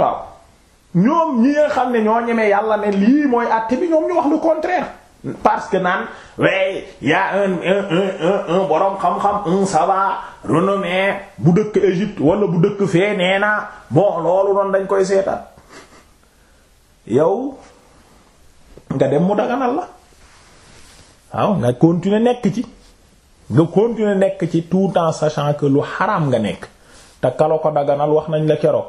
waaw ñoom ñi nga xam ne ñoo ñemee yàlla ne lii mooy àtte bi ñoom ñu wax le contraire parce que naan way y'a un un un un borom xam-xam un savant renommé bu dëkk Égypte wala bu dëkk fee nee na bon loolu dañ koy seetaat yow nga dem mu daganal la waaw nga continuer nekk ci nga continuer nekk ci tout en sachant que lu xaram nga nekk te kala ko daganal wax nañ la keroog.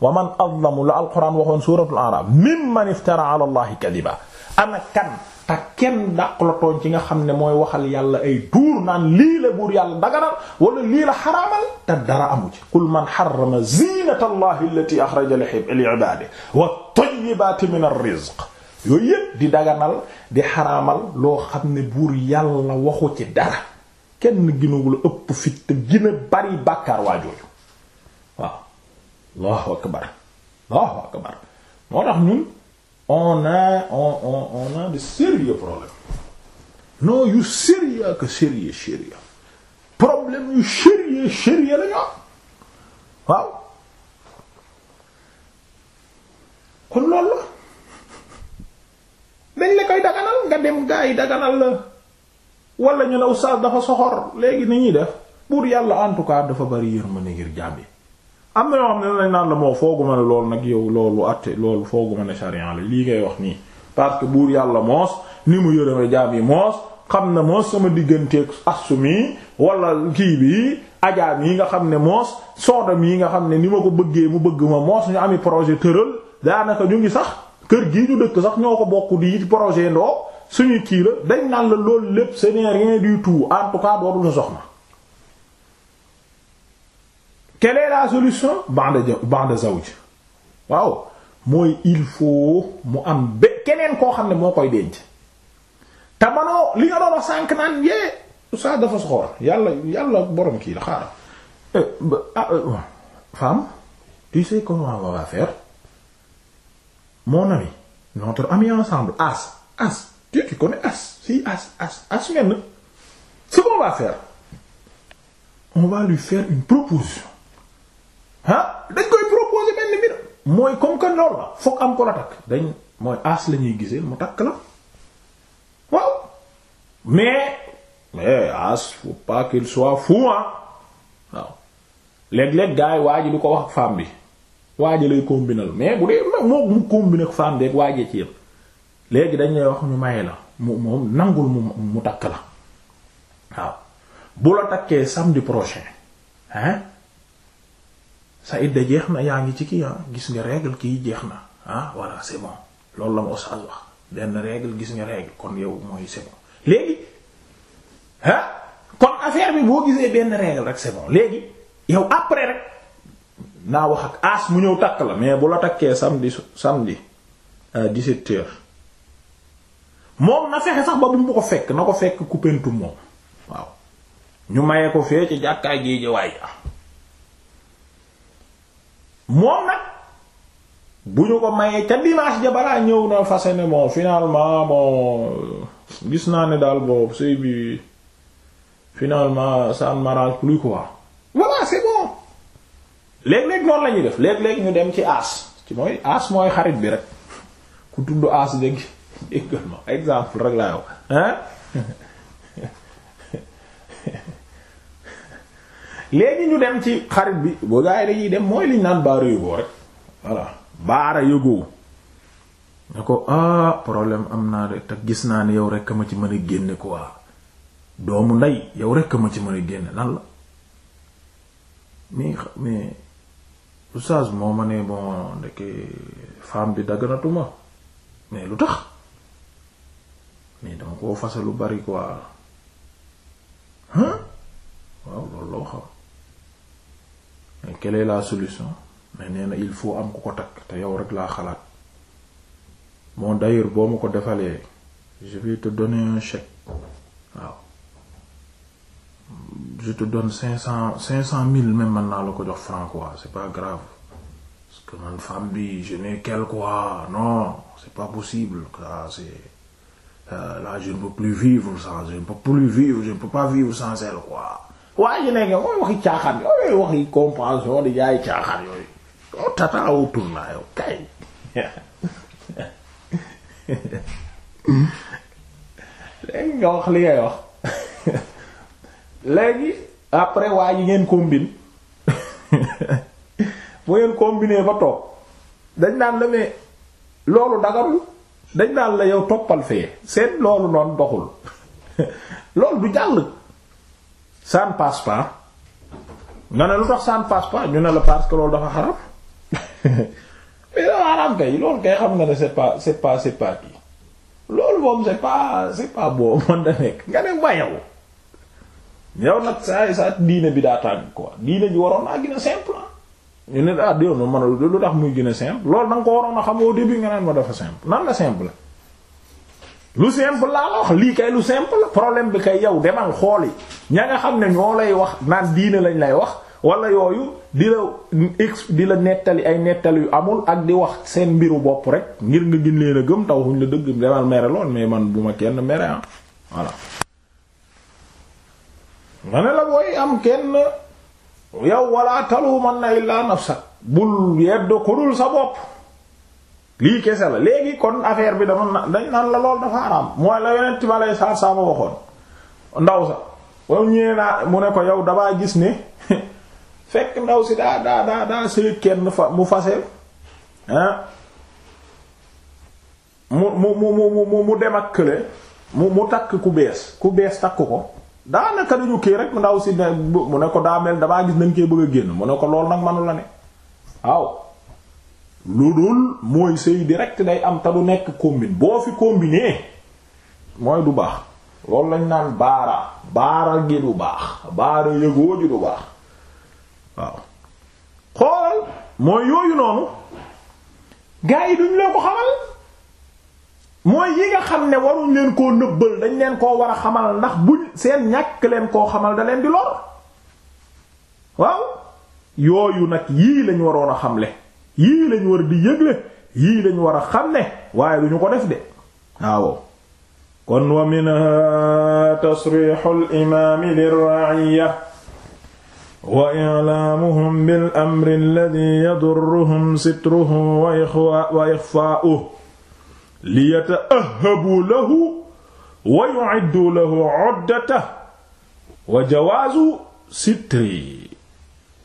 wa man azlamu la alquran waxoon suuratul a'raaf mimman iftara ala allahi kadiba ana kan te kenn dàq la tooñ ci nga xam ne mooy waxal yàlla ay duur naan lii la buur yàlla daganal wala lii la xaraamal te dara amu ci qul man harrama zinata allahi allati axraja li ibaadihi wa tayyibaati min ar-rizq yooyu yépp di daganal di xaraamal loo xam ne buur yàlla waxu ci dara kenn gënawula ëpp fit te gën a bari bàkkaar waajooju waaw allahu akbar on a on on on a de sérieux problème yu sérieux sérieux la la dañ la koy nga dem gaa yi daganal la wala ñu ne oustaz dafa soxor léegi ni ñuy def pour yàlla en tout cas dafa bari yërmande ngir jàmbi am na yoo xam ne nañ naan la moo fooguma ne loolu nag yow loolu atte loolu fooguma ne charian la lii ngay wax nii parce que buur yàlla moos ni mu yërëme jaam yi moos xam ne moos sama digganteeg astu mii wala kii bi ajaam yi nga xam ne moos soodam yi nga xam ne ni ma ko bëggee mu bëgg ma moos ñu ami projet tëral daanaka ñu ngi sax kër gii ñu dëkk sax ñoo ko bokk di projet ndoo suñuy kii la dañ naan la loolu lépp ce n'est rien du tout en tout sa quelle est la solution ba'da ba'da zawj waaw mooy il faut mu am ba keneen koo xam ne moo koy denc te li nga doon wax naan yee saa dafa soxor yàlla yàlla borom kii la xaaral eh, ah eh, oh, tu sais comment on va faire mon ami notre ami ensemble as as tu te connais as si as as as ngeen ce qu'on va faire on va lui faire une proposition ah dañ koy proposer benn mbir mooy comme que lool la fokk am ko la takk dañ mooy aas la ñuy gisee mu takk la waaw mais mais aas faut pas qu'il soit fou ah waaw léeg-léeg gars yi waa ji du ko wax ak femme bi waa ji lay combinal mais bu dee moom mu combiner ak femme beeg waa ci yëpp léegi dañ lay wax ñu maye la mu moom nangul mu mu takk la waaw bu la takkee samedi prochain hein sa idda jeex na yaa ngi ci kii ah gis nga règle kii jeex na ah voilà c'est bon loolu la ma ustaas wax benn règle gis nga règle kon yow mooy c'est bon léegi ah, kon affaire bi boo gisee benn règle rek c'est bon léegi yow après rek naa wax ak as mu ñëw takk la mais bu la takkee samedi samedi à euh, moom na fexe sax ba bu mu ko fekk na ko fekk ku pentu moom waaw ñu mayee ko fee ci jàkkaay ji ji waay moom nag bu ñu ko mayee ca dimanche ja balaa ñëw na fase ne bon finalement bon gis naa ne daal boobu sëy bi finalement ça ne m'arrange plus quoi voilà c'est bon léeg-léeg noonu la def léeg-léeg ñu dem ci aas ci mooy aas mooy xarit bi rek ku tudd aas dégg également exemple rek laa yow hein léegi ñu dem ci xarit bi boo gaa yi dañuy dem mooy liñ naan baara yógoo rek voilà baara yógoo ne ko ah problème am naa de te gis naa ne yow rek ma ci mën a génne ko doomu ndey yow rek ma ci mën génne lan la moo ma ne bon ndeke bi dagganatuma mais lu tax mais dama koo lu bari quoi waaw loolu loo xam mais quelle est solution mais nee na il faut am ku ko takk te yow rek laa xalaat bon d'ailleurs boo ma ko defalee je vais te donner un chèque waaw cinq cent cinq cent mille mën naa la ko jox franc quoi c'est bi je n'ai qu'elle quoi non c'est pas possible ça c'est euh, là je ne plus vivre sans je ne peux vivre je ne peux pas waa ji nekk mooy oh, waxi caaxaan yooyu oh, waxi compréhension di jaay caaxaan yooyu yow oh, tataawu tournaa yow kay léegi nga wax li ngay wax léegi après waa yi ngeen combine bu ngeen combiner ba toog dañ daan la mais loolu dagarul dañ daan la yow toppal fee seet loolu noonu doxul loolu du jàll ça ne passe pas nga ne lu tax ça ne ñu ne la parce que loolu dafa xaram mais dafa xaram kay loolu kay xam nga ne c'est pas c'est pas c'est pas kii loolu moom c'est pas c'est pas boo mën da nekk nga ne ba yow yow nag saa saa diine bi daa tàng quoi diine bi waroon naa gën simple ah. ñu ne ah déwén ma man lu tax muy gën a simple loolu da nga ko waroon a xam au début nga naan ma dafa simple nan la simple. lu simple laa la wax lii kay lu simple problème bi kay yow demal xooli ña nga xam ne ñoo lay wax naan diine lañ lay wax wala yooyu di la ex di la nettali ay nettali yu amul ak di wax seen mbiru bopp rek ngir nga gën leen a gëm taw xuñ la dëgg demal mere lool mais man bu ma kenn mere ah voilà. ma ne la booy am kenn yow wala talu man na illaa nafsa bul yedd ko dul sa bopp. lii kese la léegi kon affaire bi dama dañ naan la lool dafa araam mooy la yonent ma saa saa saama waxoon ndaw sa mu ne ko yow damaa gis ne fekk ndaw si daa daa daa sëy kenn fa mu fase ah mu mu mu mu mu dem ak kële mu mu takk ku bees ku bees takk ko daanaka dañu kii rek ndaw si ne mu ne ko daa mel damaa gis nañ koy bëgg a génn mu ne ko lool nag manu la ne waaw lu dul mooy sëy direkt day am ta du nekk combine boo fi combiner mooy du baax loolu lañ naan baara baara gi du baax baara yëgoo ji du baax waaw xoolal mooy yooyu noonu gaa yi leen ko xamal mooy yi nga xam ne waruñ leen koo nëbbal dañ leen koo war a xamal ndax bu seen ñàkk leen koo xamal da leen di lor waaw yooyu nag yii lañ waroon a xamle yii lañ war di yëgle yii lañ war a xam ne waaye du ñu ko def de waaw kon wa minha tasrixu alimaami lirraciya wa ilaamuhum bil amri alladi yadurruhum sitruhu wa ixfaa'uhu liyata'ahhabuu lahu wa yucidduu lahu cuddatahu wa jawaazu sitri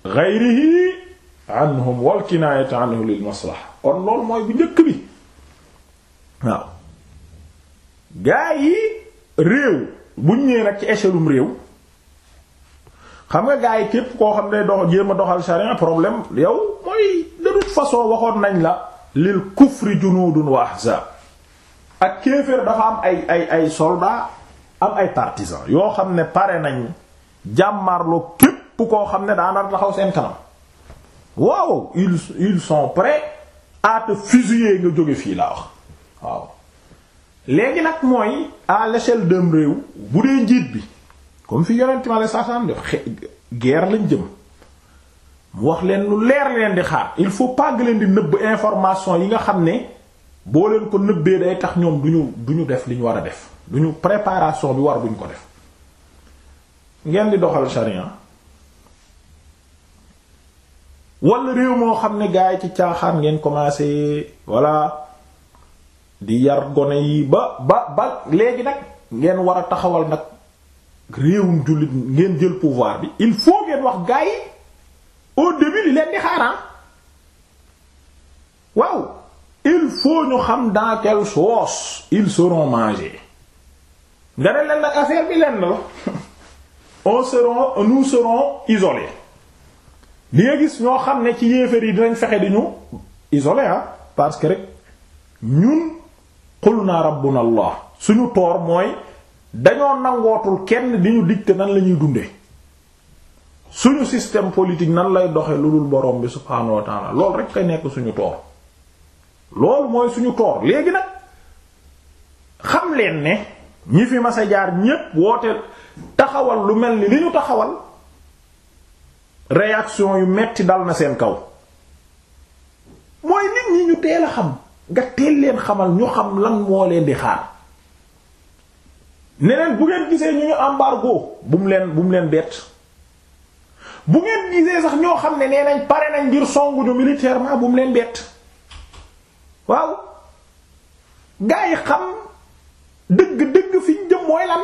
gayrihi anhum wal kinaayatu anhu lil maslaha kon loolu mooy bu njëkk bi waaw gaa yi réew buñ ñëwee nag ci échelum réew xam nga gaa yi képp koo xam ne dox jéem a doxal charia problème yow mooy de façon waxoon nañ la lil kufri junudun wa ahzab ak kéeféer dafa am ay ay ay soldat am ay partisans yoo xam ne pare nañ jàmmarloo képp koo xam ne daana laxaw seen kanam waaw ils ils sont prêts à te nga jóge fii laa wax waaw léegi nag mooy à l'échelle d'un réew bu dee njiit bi comme fi yonent ma la sasam de guerre lañ jëm mu wax leen lu leer leen di xaar il faut pàgg leen di nëbb information yi nga xam ne boo leen ko nëbbee day tax ñoom duñu duñu def li ñu war a def duñu préparation bi war buñ ko def ngeen di doxal charia wala réew moo xam ne gaa yi ci caaxaan ngeen commencé voilà di yar gone yi ba ba ba léegi nag ngeen war a taxawal nag réewum jullit ngeen jël pouvoir bi il faut ngeen wax gaa yi au début li leen di xaaraan ah. waaw il faut ñu xam dans quelle sauce ils seront mangés nga ne leen nag affaire bi lenn la on sera nous serons isolés li nga gis ñoo xam ne ci yéefar yi dinañ fexe di ñu isolé ah, parce que rek ñun qul naa rabbuna allah suñu toor mooy dañoo nangootul kenn di ñu dicté nan la ñuy dunde suñu système politique nan lay doxe lu dul borom bi subhaanahu wa taala loolu rek kay nekk suñu toor lool mooy suñu toor léegi nag xam leen ne ñi fi mas a jaar ñépp woote taxawal lu mel ni li ñu taxawal réaction yu metti dal na seen kaw mooy nit ñi ñu teel a xam nga teel leen xamal ñu xam lan moo leen di xaar ne bu ngeen gisee ñu ñu embargo bu mu leen bu leen bett bu ngeen gisee sax ñoo xam ne nee nañ pare nañ ngir songu ñu militairement bu mu leen bett waaw gaa yi xam dëgg-dëgg fi ñu jëm mooy lan.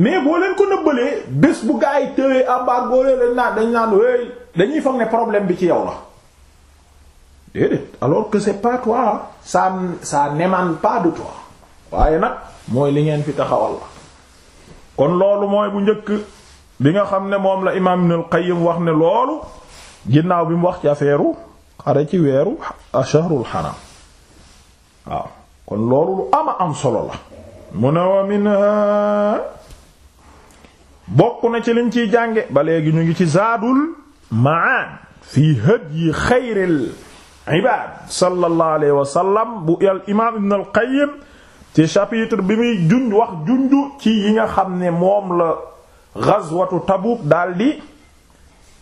mais boo leen ko nëbbalee bés bu gaa yi tëwee embargo ah, leen naan dañ naan wéy dañuy foog ne problème bi ci yow la déedéet alors que c'est pas toi ça ça pas de toi waaye nag mooy li ngeen fi taxawal la kon loolu mooy bu njëkk bi nga xam ne moom la imaam Ibn al-Qayyim wax ne loolu ginnaaw bi mu wax ci affaire xare ci weeru asharul xaram waaw kon loolu lu ama am solo la mu ne wa minha bokk na ci liñ ciy jànge ba léegi ñu ngi ci zaadul ma'an fii hadyi xayril ibaad sallallahu alayhi wa sallam bu al imaam ibn al qayyim ci chapitre bi muy junj wax junj ci yi nga xam ne moom la ghazwatu Tabuk daldi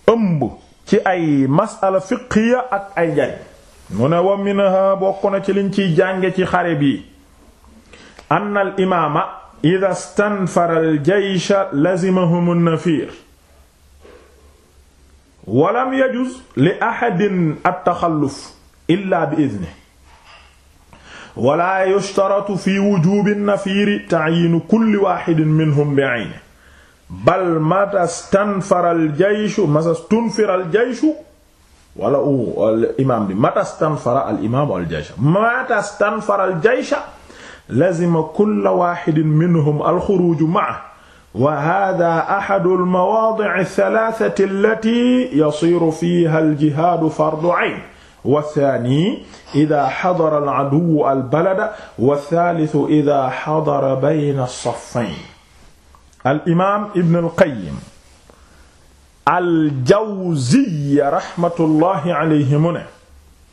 ëmb ci ay masala fiqhiya ak ay njariñ mu ne wa minha bokk na ci liñ ciy jànge ci xare bi anna al imaama ida stanfara aljeysha lazimahum nnafiir walam yajuz li axadin altaxalluf illa bi idni wala yushtaratu fi wujubi nnafiiri tacyiinu kulli waaxidin minhum bi cayni bal mata stanfara aljeyshu mata stunfira aljeyshu wala u imaam bi mata stanfara alimaam aljeysha mata stanfara aljeysha lazima kulla waaxidin minhum alxuruuju ma'a wa haadaa axadu almawaadi'i althalathati allati yasiiru fiiha aljihaadu fardu 'ayn wa thaani idaa xadara aladuwu albalada wa thaalithu idaa xadara bayna saffayn alimaam ibn alqayyim aljawziyya raxmatullahi alayhi mu ne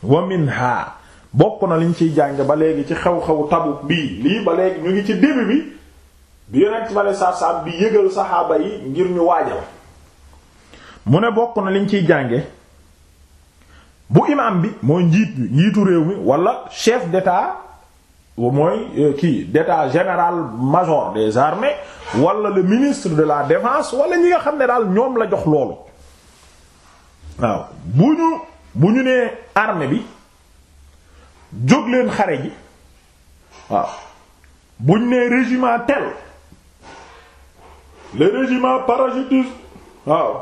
wa minhaa bokk na li ñu ciy jànge ba léegi ci xew-xew Tabuk bii lii ba léegi ñu ngi ci début bi bi yonent ma lay saab bi yëgal saxaaba yi ngir ñu waajal mu ne bokk na liñ ciy jànge bu imam bi mooy njiit bi njiitu réew mi wala chef d'état mooy euh, kii d'état général major des armées wala le ministre de la défense wala ñi nga xam ne daal ñoom la jox loolu waaw bu ñu bu ñu nee armée bi jóg leen xare ji waaw buñ nee régiment tel le régiment parachutiste waaw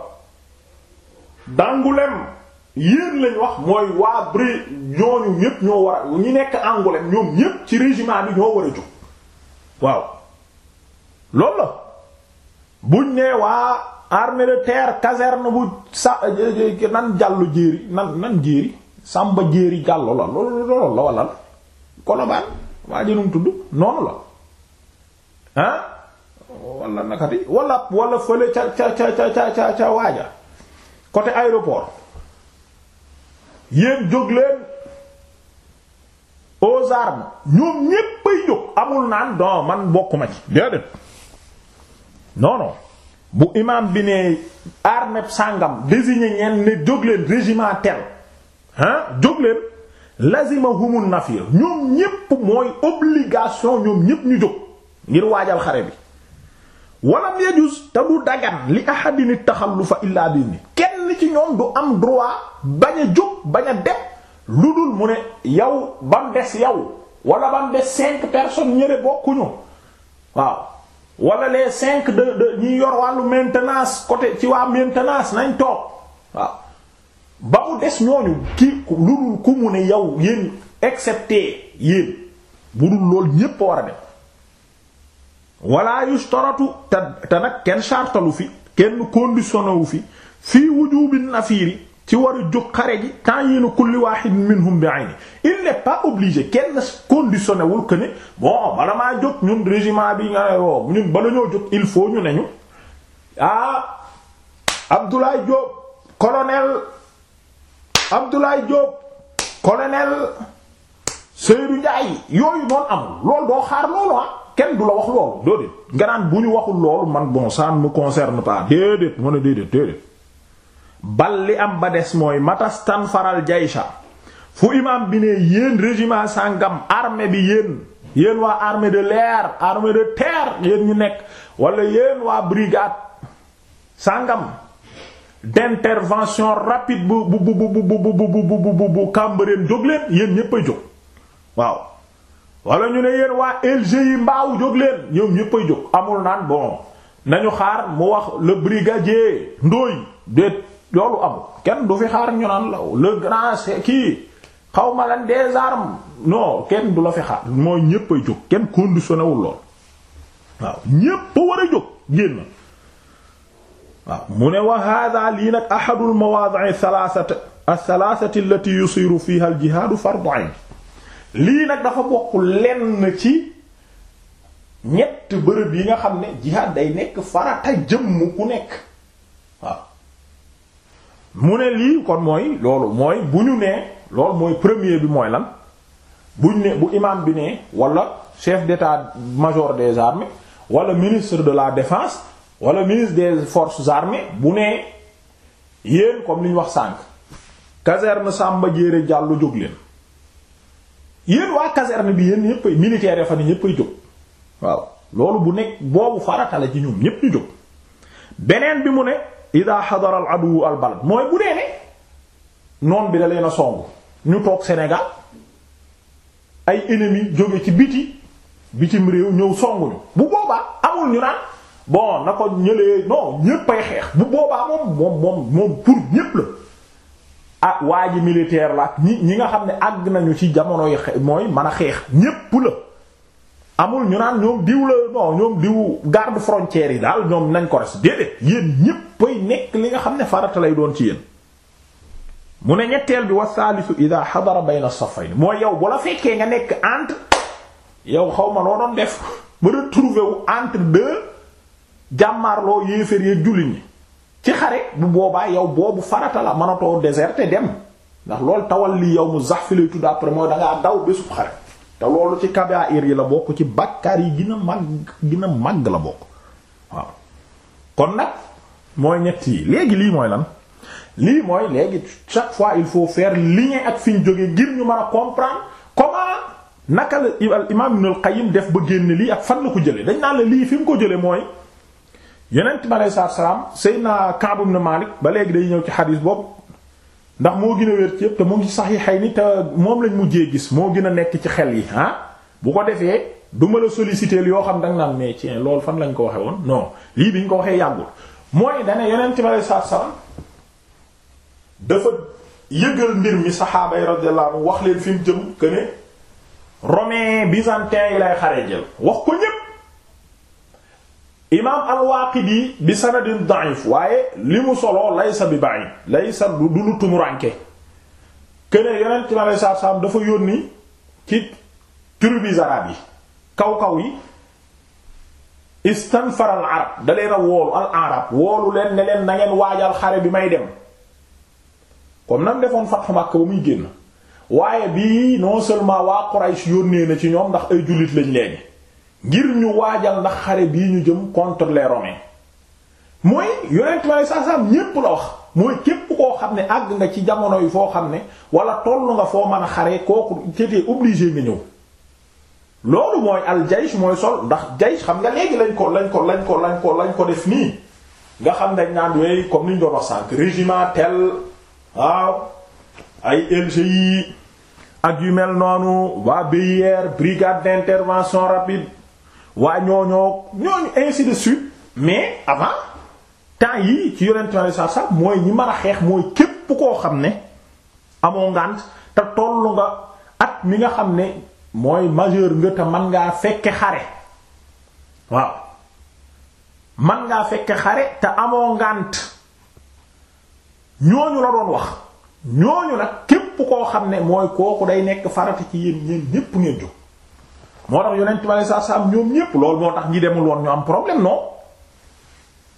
d'Angoulême yéen lañ wax mooy waa bri ñooñu ñépp ñoo war a ñu nekk Angoulême ñoom ñépp ci régiment bi ñoo war a jóg waaw loolu la buñ nee waa armée de bu sa euh, nan jàllu jéeri nan nan jéeri Samba Jéeri Diallo la loolu loolu la wala la Colobane waa tudd noonu la ah wala nakati wala wala fële ca ca ca ca ca ca waaja côté aéroport yéen jóg leen aux armes ñoom ñépp jóg amul naan don man bokkuma ci déedéet non non bu imam bi ne armée sàngam désigné ñeen ne jóg leen régiment tel ah jóg leen lazimahumun nafir ñoom ñépp mooy obligation ñoom ñépp ñu jóg ngir waajal xare bi walam yajuz te du dagan li ahadin taxallufa illa bi ni kenn ci ñoom du am droit bañ a jóg bañ a dem lu dul mu ne yow ba mu des yow wala ba mu des cinq personnes ñëre bokkuñu waaw wala les cinq de de ñi yor wàllu maintenance côté ci waa maintenance nañ toog waaw ba mu des ñooñu ki lu dul ku mu ne yow yéen excepté yéen bu dul lool ñépp war a dem wala yustaratu te te nag kenn chartalu fi kenn conditionné wu fi fii wujubi nafiri ci war a jóg xare ji ta'yin kulli wahid minhum bi ayni il n'est pas obligé kenn conditionné wul ne bon bala maa jóg ñun régiment bi nga wo ñun bala ñoo jóg il faut ñu ne ñu ah Abdoulaye Diop colonel Abdoulaye Diop colonel Seydou Ndiaye yooyu noonu amul loolu doo xaar loolu ah. kenn du la wax loolu déedéet nga naan bu ñu waxul loolu man bon ça ne me concerne pas déedéet ne déedéet déedéet bal li am ba des mooy matastan faral jaysha fu imam bi ne yéen régiment sàngam armée bi yéen yéen waa armée de l'air armée de terre yéen ñu nekk wala yéen waa brigade sàngam d'intervention rapide bu bu bu bu bu bu Cambérène jóg leen yéen ñépp a jóg waaw wala ñu ne yéen waa LG yi mbaaw jóg leen ñoom ñépp a jóg amul naan bon nañu xaar mu wax le brigadier ndóoy déet loolu amul kenn du fi xaar ñu naan la le grand kii xaw ma lan des armes non kenn du la fi xaar mooy ñépp a jóg kenn conditionné wul lool waaw ñépp a war a jóg génn. waaw mu ne wa hada lii nag ahadul mawaadi'i thalathati ath-thalathati allati yusiru fiha al-jihaadu fardu 'ayn lii nag dafa bokk lenn ci ñett bërëb yi nga xam ne jihaad day nekk farata jëmm ku nekk waaw mu ne lii kon mooy loolu mooy bu ñu nee loolu mooy premier bi mooy lan buñ ne bu imam bi ne wala chef d'état-major des armées wala ministre de la défense wala ministre de forces armées bu nee yéen comme li wax sànq caserne Samba Diéré Diallo jóg leen yéen waa caserne bi yéen ñépp ay militaires ya fa ne ñépp ay jóg waaw loolu bu nekk boobu farata la ci ñoom ñépp ñu jóg beneen bi mu ne ida xadara al adu mooy bu dee ne noon bi da leen a ñu toog Sénégal ay ennemis jóge ci biti bitim réew ñëw songuñu bu boobaa amul ñu naan bon na ko ñëlee non ñéppay xeex bu boobaa moom moom moom pour ñépp la ah waa ji militaire la ak ñi ñi nga xam ne àgg nañu ci jamono yi mooy man a xeex ñépp la amul ñu naan ñoom diw la non ñoom diw garde frontière yi daal ñoom nañ ko res déedéet yéen ñéppay nekk li nga xam ne farat lay doon ci yéen mu ne ñetteel bi wa thalithu ida xadara bayna safayn mooy yow bu fekkee nga nekk entre yow xaw ma noo doon def ba retrouver wu entre deux jàmmaarloo yéeféer yeeg jullit ñi ci xare bu boobaa yow boobu farata la mënatoo déserte dem ndax loolu tawal lii yow mu zax fi lay après mooy da ngaa daw bésub xare te loolu ci kabaa'ir yi la bokk ci bàkkaar yi gën a màgg gën a màgg la bokk waaw kon nag mooy ñett yi léegi lii mooy lan lii mooy léegi chaque fois il faut faire lien ak fi ñu jógee ngir ñu man a comprendre comment naka la al imaam Ibn al Qayyim def ba génn lii ak fan la ko jëlee dañ naan la lii fi mu ko jëlee mooy. yeneen bi aleyhi salaatu salaam Seydina Ka'b ibn Malik ba léegi day ñëw ci xadiis boobu ndax moo gën a wér ci yëpp te mu ngi Sahihayni te moom lañ mujjee gis moo gën a nekk ci xel yi ah bu ko defee du ma la sollicité yoo xam da nga naan mais tiens loolu fan lañ ko waxee woon non lii bi ñu ko waxee yàggul mooy dane yonent bi aleyhi salaatu salaam dafa yëgal mbir mi saxaabay yi radiyallahu wax leen fi mu jëm que ne romain byzantin yi lay xaree jël wax ko ñépp imaam al-Waaqidi bi sanadin da'if waaye li mu solo laysa bi ba'id laysa du lu tumuranke keneen yonent mi alayhi salaatu salaam dafa yónni ci tribus arab yi kaw kaw yi istanfara al arab da leen a woolu al arab woolu leen ne leen na waajal xare bi may dem comme nam defoon Fathu Makka ba muy génn waaye bii non seulement waa Quraysh yónnee na ci ñoom ndax ay jullit lañ léegi ngir ñu waajal ndax xare bii ñu jëm contre les romains mooy yonent ma saa ñépp la wax mooy képp koo xam ne àgg nga ci jamono yi foo xam ne wala tollu nga foo mën a xare kooku c'était obligé nga ñëw loolu mooy al jaysh mooy sol ndax jaysh xam nga léegi lañ ko lañ ko lañ ko lañ ko lañ ko def nii nga xam ne naan wey comme ni ñu wax sànq régiment tel waaw ay LGI ak yu mel noonu waa BIR brigade d'intervention rapide. waa ñooñoo ñooñu ainsi de suite mais avant temps yii ci yonent Yàlla saa saa mooy ñi mën a xeex mooy képp koo xam ne amoo ngànt te tollu nga at mi nga xam ne mooy majeur nga te mën ngaa fekke xare waaw mën ngaa fekke xare te amoo ngant ñooñu la doon wax ñooñu nag képp koo xam ne mooy kooku day nekk farata ci yéen ñépp ngeen jóg moo tax yonent ma ne saa saam ñoom ñépp loolu moo tax ñi demul woon ñu am problème non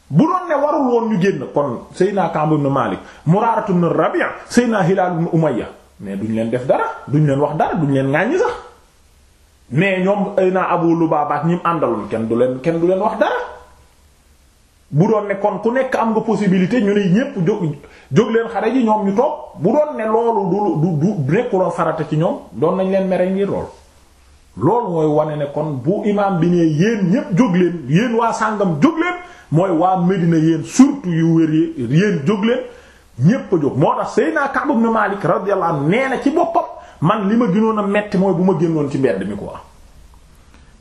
bu doon ne warul woon ñu génn kon Seydina Ka'b ibn Malik Muraratu naa Rabi' Seydina Hilal ibn Umayya mais duñ leen def dara duñ leen wax dara duñ leen ŋàññi sax mais ñoom Seydina Abu Lubaba ak ñi mu àndaloon kenn du leen kenn du leen wax dara bu doon ne kon ku nekk am nga possibilité ñu ne ñépp jóg jóg leen xare ji ñoom ñu toog bu doon ne loolu du du du nekkuloon farata ci ñoom doon nañ leen mere ngir lool. loolu mooy wane ne kon bu imaam bi nee yéen ñépp jóg leen yéen waa sàngam jóg leen mooy waa Medina yéen surtout yu wér yéen jóg leen ñépp a jóg moo tax Seydina Ka'b ibn Malik radiyallahu anhu nee na ci boppam man li ma gënoon a metti mooy bu ma génnoon ci mbedd mi quoi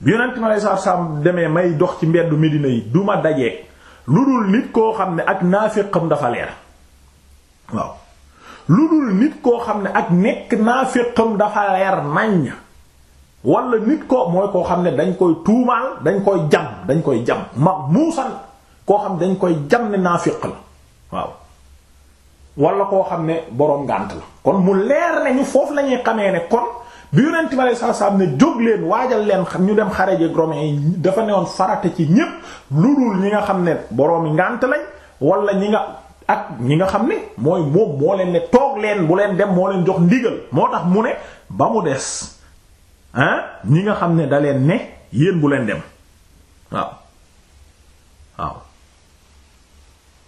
bi yonent ma lay saa sam demee may dox ci mbeddu Medina yi du ma dajeeg lu dul nit koo xam ne ak naaféqam dafa leer waaw lu dul nit koo xam ne ak nekk naaféqam dafa leer naññ. wala nit ko mooy koo xam ne dañ koy tuumaal dañ koy jam dañ koy jam ma muusan koo xam ne dañ koy jam ne naafiq la waaw wala koo xam ne boroom ngànt la kon mu leer nañu foofu la ñuy ne kon bi yonent bi alei satu ne jóg leen waajal leen ñu dem xare ji romain yi dafa newoon farata ci ñépp lu dul ñi nga xam ne boroomi ngànt lañ wala ñi nga ak ñi nga xam ne mooy moom moo leen ne toog leen mu leen dem moo leen jox ndigal moo tax mu ne ba mu des ah ñi nga xam ne da leen ne yéen bu leen dem waaw waaw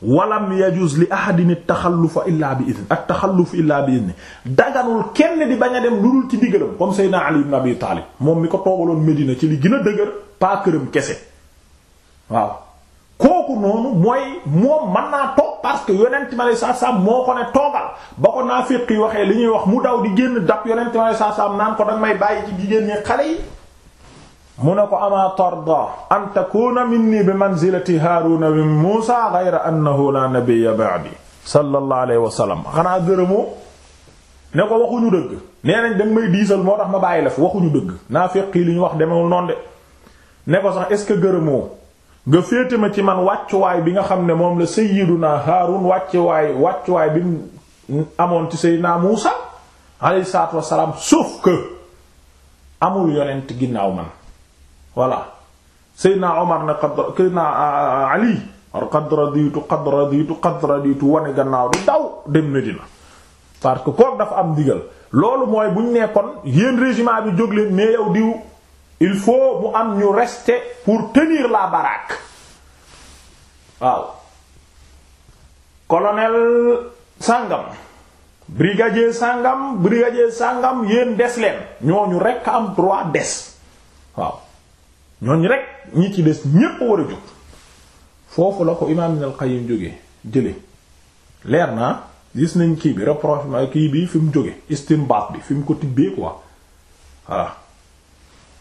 walam yajuz li ahadin at-taxallufa illaa bi idni at-taxalluf illaa bi idni daganul kenn di bañ a dem lu dul ci ndigalam comme Seydina Ali ibn Abi moom mi ko toogaloon Medina ci li gën a dëgër paa këram kese waaw kooku noonu mooy moom man naa toog parce que yonent ma lay saasam moo ko ne toogal ba ko naafiq yi waxee li ñuy wax mu daw di génn dab yonent ma lay saasam naan ko danga may bàyyi ci jigéen ñi xale yi mu ne ko ama tarda an takuna minni bi manzilati haaruna min muusa ghayra annahu la nabiyya ba'di sallallahu alayhi wa sallam xanaa gërëmoo ne ko waxuñu dëgg nee nañ danga may diisal moo tax ma bàyyi la fi waxuñu dëgg naa yi li ñu wax demewul noonu de ne ko sax est-ce que gërëmoo nga féete ma ci man wàccuwaay bi nga xam ne moom la naa Haarun wàccuwaay wàccuwaay bi amoon ci sayyidina Muusa alayhi salaatu wassalaam sauf que amul yonent ginnaaw man voilà sayyidina Omar na qad sayyidina euh, Ali qad raditu qad raditu qad raditu wane gannaaw di daw dem na dina parce que kook dafa am digal loolu mooy buñ nekkoon yéen régiment bi jóg leen mais yow diw il faut mu am ñu rester pour tenir la baraque waaw colonel sangam brigadier sangam brigadier sàngam yéen des leen ñooñu rekk am droit des waaw ñooñu rek ñi ci des ñépp war a jóg foofu la ko imaam Ibn al-Qayyim jóge jële leer na gis nañ kii bi rapprochement kii bi fi mu jóge istinbaat bi fi mu ko tibbee quoi voilà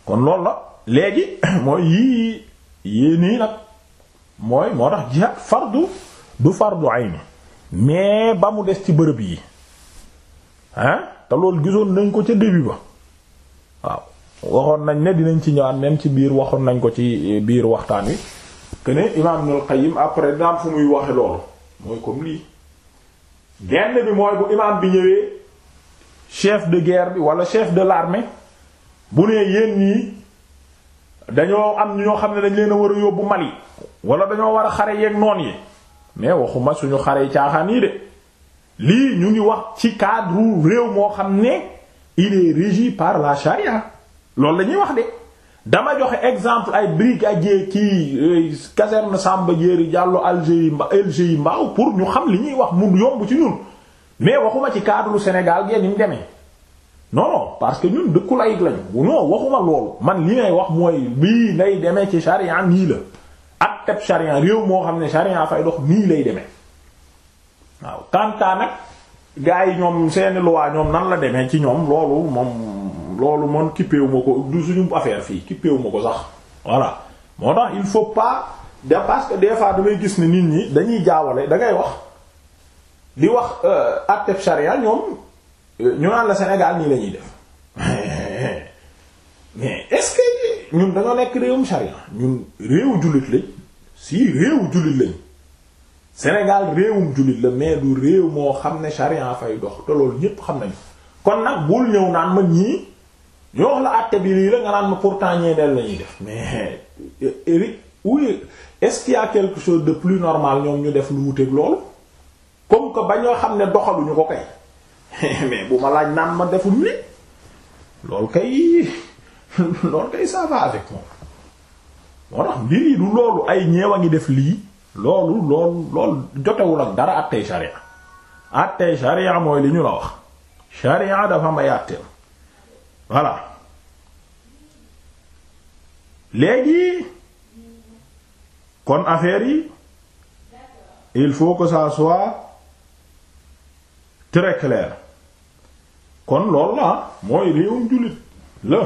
kon loolu la léegi mooy yii yii nii nag mooy moo tax fardu du fardu ayni mais ba mu des ci bërëb yi ah te loolu gisoon nañ ko ca début ba waaw waxoon nañ ne dinañ ci ñëwaat même ci biir waxoon nañ ko ci biir waxtaan wi que ne imaam Ibnul Qayyim après dina fu muy waxe loolu mooy comme lii genn bi mooy bu imaam bi ñëwee chef de guerre bi wala chef de l'armée bu nee yéen ñii dañoo am ñoo xam ne dañ leen a war a yóbbu Mali wala dañoo war a xare yeeg noon yi mais waxuma suñu xare yi caaxaan yi de lii ñu ngi wax ci cadre réew moo xam ne il est par la charia loolu la wax de dama joxe exemple ay a ci brigadier euh, kii caserne Samba Diéry Diallo Algérie Algérie Mbao pour ñu xam li ñuy wax mu yomb ci ñun mais waxuma ci cadre Sénégal gee ni mu demee. non parce que ñun dëkku laïc lañu non waxuma loolu man li ngay wax mooy bii ngay demee ci charia nii la ak teb réew moo xam ne charia fay dox nii lay deme waaw kantaa nag gars yi ñoom seeni loi ñoom nan la demee ci ñoom loolu moom loolu man kippéewu ma ko du suñu affaire fii kippéewu ma ko sax voilà moo tax il faut pas de parce que des fois damay gis ni nit ñi dañuy jaawale da ngay wax di wax euh, atteb charia ñoom ñu naan la Sénégal nii la def mais est-ce ñun dañoo nekk réewum charia ñun réew jullit lañ si réewu jullit lañ Sénégal réewum jullit la mais du réew moo xam ne charia fay dox te loolu ñépp xam nañu kon nag bul ñëw naan ma ñii ñoo wax la àtte bi lii la nga naan ma pourtant ñee del la def mais Eric oui ce qu'il y a quelque chose de plus normal ñoom ñu def lu wuteeg loolu comme ko ba ñoo xam ne doxaluñu ko kay. mais bu ma laaj naan ma deful ni loolu kay loolu kay ça avec moom moo tax mbir du loolu ay ñeew a ngi def lii loolu loolu loolu jotewul ak dara àttee sharia àttee sharia mooy li ñu la wax sharia dafa may àtteel voilà léegi kon affaire yi il faut que ça soit très kon loolu la mooy réewum jullit la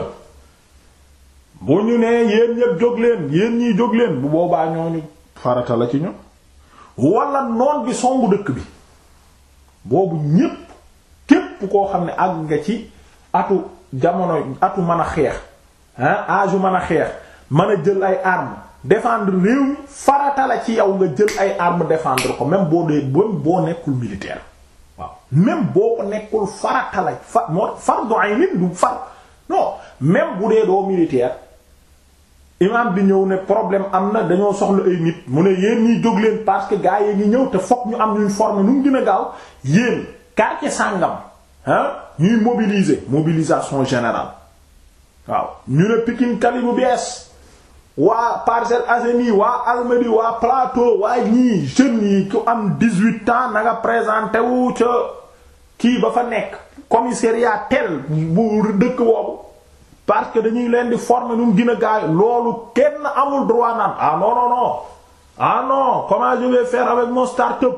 bu ñu nee yéen ñépp jóg leen yéen ñiy jóg leen bu boobaa ñooñu farata la ci ñu wala noon bi songu dëkk bi boobu ñépp képp koo xam ne àgg nga ci atu jamono atu mën a xeex ah âge mën a xeex mën a jël ay armes defendre réew farata la ci yow nga jël ay armes défendre ko même boo dee même boo nekkul militaire même boo ko nekkul farata la fa moo fardu aynin du far non même bu dee doo militaire imam bi ñëw ne problème am na dañoo soxla ay nit mu ne yéen ñiy jóg leen parce que gars yi ngi ñëw te fokk ñu am ñuy forme nu mu gën a gaaw yéen quartier sàngam ah ñuy mobiliser mobilisation générale waaw ñu ne Pikine kali bu bees waa Parcelles Assainies waa Almadies waa Plateau waa ñii jeunes yi ku am dix-huit ans na nga présenté ca kii ba fa nekk commissariat tel bu dëkk woowu parce que dañuy leen di former ñu gën a loolu kenn amul droit naan ah non non non ah non comment avec mon start-up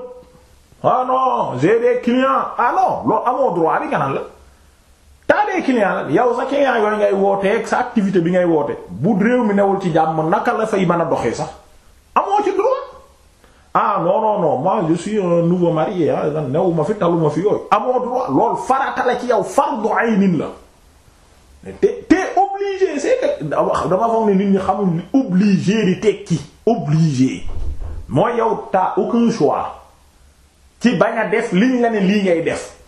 ah non j'ai clients ah loolu amoo droit bi nga la. taadee client la yow sa client yooyu ngay wooteeg sa activité bi ngay woote bu réew mi newul ci jàmm naka la fay man a doxee sax amoo ci droit ah non non non je suis nouveau marié ah new ma fi talu fi yooyu amoo droit loolu farata la ci yow fardu aynin la te te obligé c'est que dama foog ne nit ñi xamul ni di tekki obligé mooy yow t'as aucun choix ci bañ def li nga ne lii ngay def.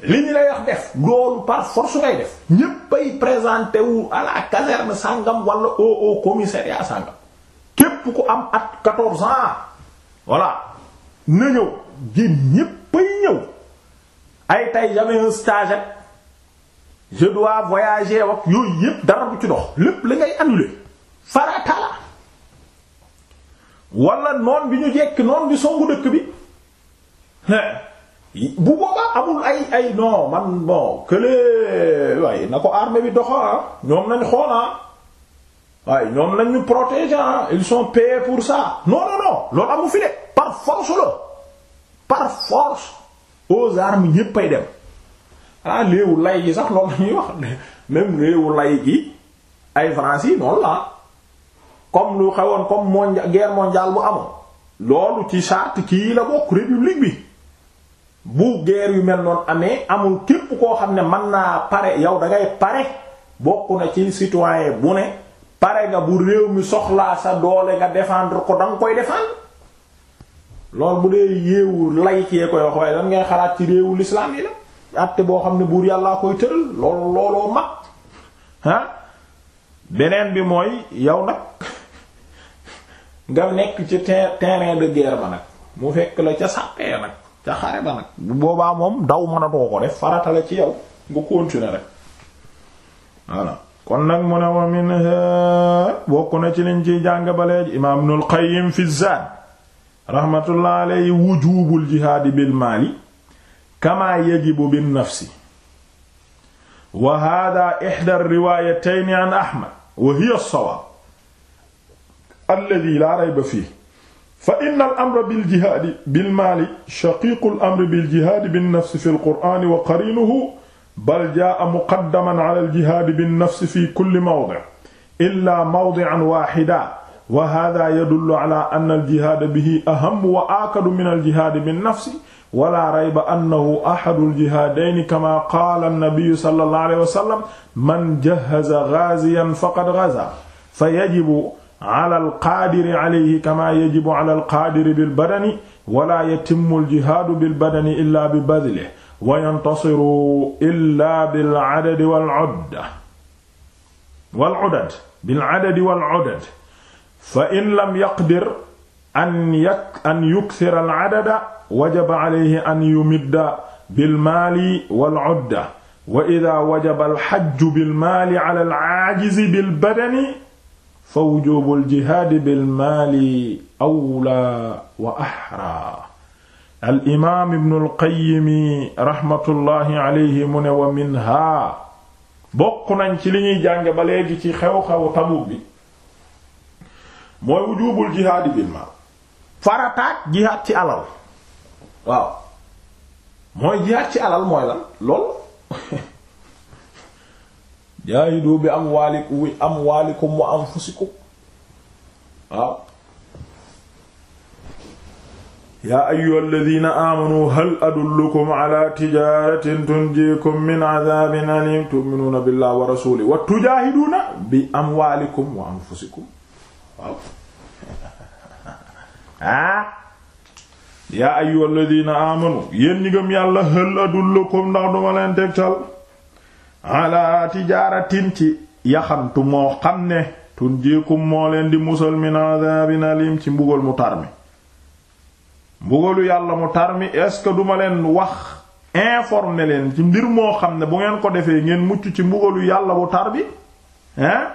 li ñu lay wax def loolu par force ngay def ñépp ay présenté wu à la sàngam wala au au commissariat sàngam képp ku am at quatorze ans voilà na ñëw génn ñépp ñëw ay tay j'avais un stage ak je dois voyager wax yooyu yépp dara bu ci dox lépp la ngay annuler farata la wala noon bi ñu jekk noon bi songu dëkk bi bu boobaa amul ay ay non man bon kële waaye na ko armée bi doxa ah. ñoom nañ xoolaa ah. waaye ñoom nañ ñu protéger ah. ils sont payés pour ça non non loolu amu fi par force la par force aux armes ñépp dem ah léewu lay gi sax loolu la wax même léewu lay gi ay France yi noonu la comme lu xewoon comme mondial guerre mondiale bu amoon loolu ci charte kii la bokk république bi. bu geer yu mel noonu amee amul képp koo xam ne mën naa pare yow dangay ngay pare bokk na ci citoyen bu ne pare nga bu réew mi soxlaa sa doole nga défendre ko da nga koy défendre loolu mu dee yéewu lay cee koy wax waaye lan ngay xalaat ci réewu lislaam yi la àtte boo xam ne buur yàllaa koy tëral loolu looloo mag ah beneen bi mooy yow nag nga nekk ci terrain de guerre ba nag mu fekk la ca sàppee nag ca xare ba nag bu boobaa moom daw mënatoo ko def farata la ci yow nga continuer rek voilà kon nag mu ne wa min bokk na ci liñ ciy jàng baleej imaam Ibnul Qayyim fi Zaad rahmatullah alayhi wujubul jihaadi bil maali kamaa yajibu bin nafsi wa haadaa ihdaa riwaayatayni an Ahmad wa hiya as-sawaab alladhii laa rayba fiihi fa inna al amra bil jihaadi bil maali shaqiiqu al amri bil jihaadi bin nafsi fi al qur'aani wa qariinuhu bal jaa'a muqaddaman ala al jihaadi bin nafsi fi kulli mawdi' illaa mawdi'an waahidan wa haadaa yadullu ala anna al jihaada bihi ahammu wa aakadu min al jihaadi bin nafsi wala rayba annahu ahadul jihaadayni kamaa qaala nabiyyu sallallahu alayhi wa sallam man jahhaza ghaaziyan faqad ghazaa fa yajibu ala alqaadiri alayhi kama yajibu ala alqaadiri bilbadani wala yatimmu aljihaadu bilbadani illa bi badlihi wa yantasiru illa biladadi walodda walodad biladadi walodad fa in lam yaqdir an yak an yuksira aladada wajaba alayhi an yumidda bilmaali walodda wa ida wajaba alxajju bilmaali ala alaajizi bilbadani fa wujuubul jihaadi bil maali awlaa wa ahraa al imaam ibnul qayyimi raxmatullaahi aleyhi mu ne wa minhaa bokk nañ ci li ñuy jànge ba léegi ci xew-xewu Tabuk bi mooy wujuubul jihaadi bil maal farataak jihaad ci alal waaw mooy jihaad ci alal mooy lan lool jaahidu bi am wa anfusikum waaw yaa ayyuhal ladina hal adullukum ala tijaratin tunjikum min adhabin alim tu'minuna billahi wa rasulihi wa tujahiduna bi amwalikum wa anfusikum waaw ah yaa hal adullukum ndax duma leen tegtal ala tijaaratin ci yaxantu moo xam ne tunjiikum moo leen di musal min adabin ci mbugal mu tar mi mbugalu yàlla mu tar mi est-ce que duma leen wax informer leen ci mbir moo xam ne bu ngeen ko defee ngeen mucc ci mbugalu yàlla mu tar bi hein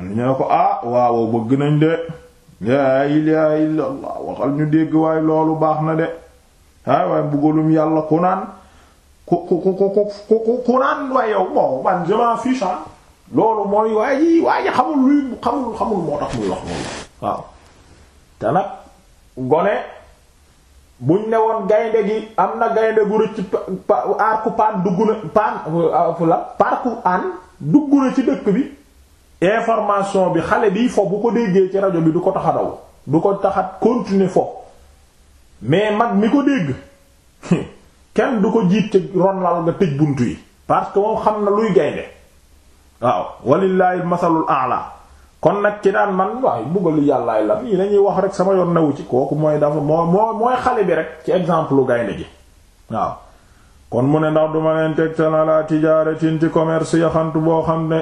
li ñu ne ko ah waaw bëgg nañ de laa ilaaha illallah waxal ñu dégg waaye loolu baax na de waaye waaye mbugalum yàlla ku naan ku ku ku ku ku ku naan waaye yow bon man je m'en fiche loolu mooy waaye ji waaye xamul luy xamul xamul moo tax muy wax loolu waaw te nag gone buñ ne woon gaynde gi am na gaynde gu rëcc pa aarku paan dugg na paan euh, la parku an dugg na ci dëkk bi information bi xale bi fo bu ko déggee ci rajo bi du ko tax a daw du ko taxat continuer fo mais mag mi ko dégg kenn du ko jiit ci ron nga tëj bunt yi parce que moom xam na luy gaynde waaw walillahi masalul a'la kon nag ci daan man waaye buggalu yàllaay la yi dañuy wax rek sama yoon newu ci kooku mooy dafa moo moo rek ci exemple gaynde ji waaw mu ne ndax duma leen tegtal ala tijaaratin ci commerce yaxantu boo xam ne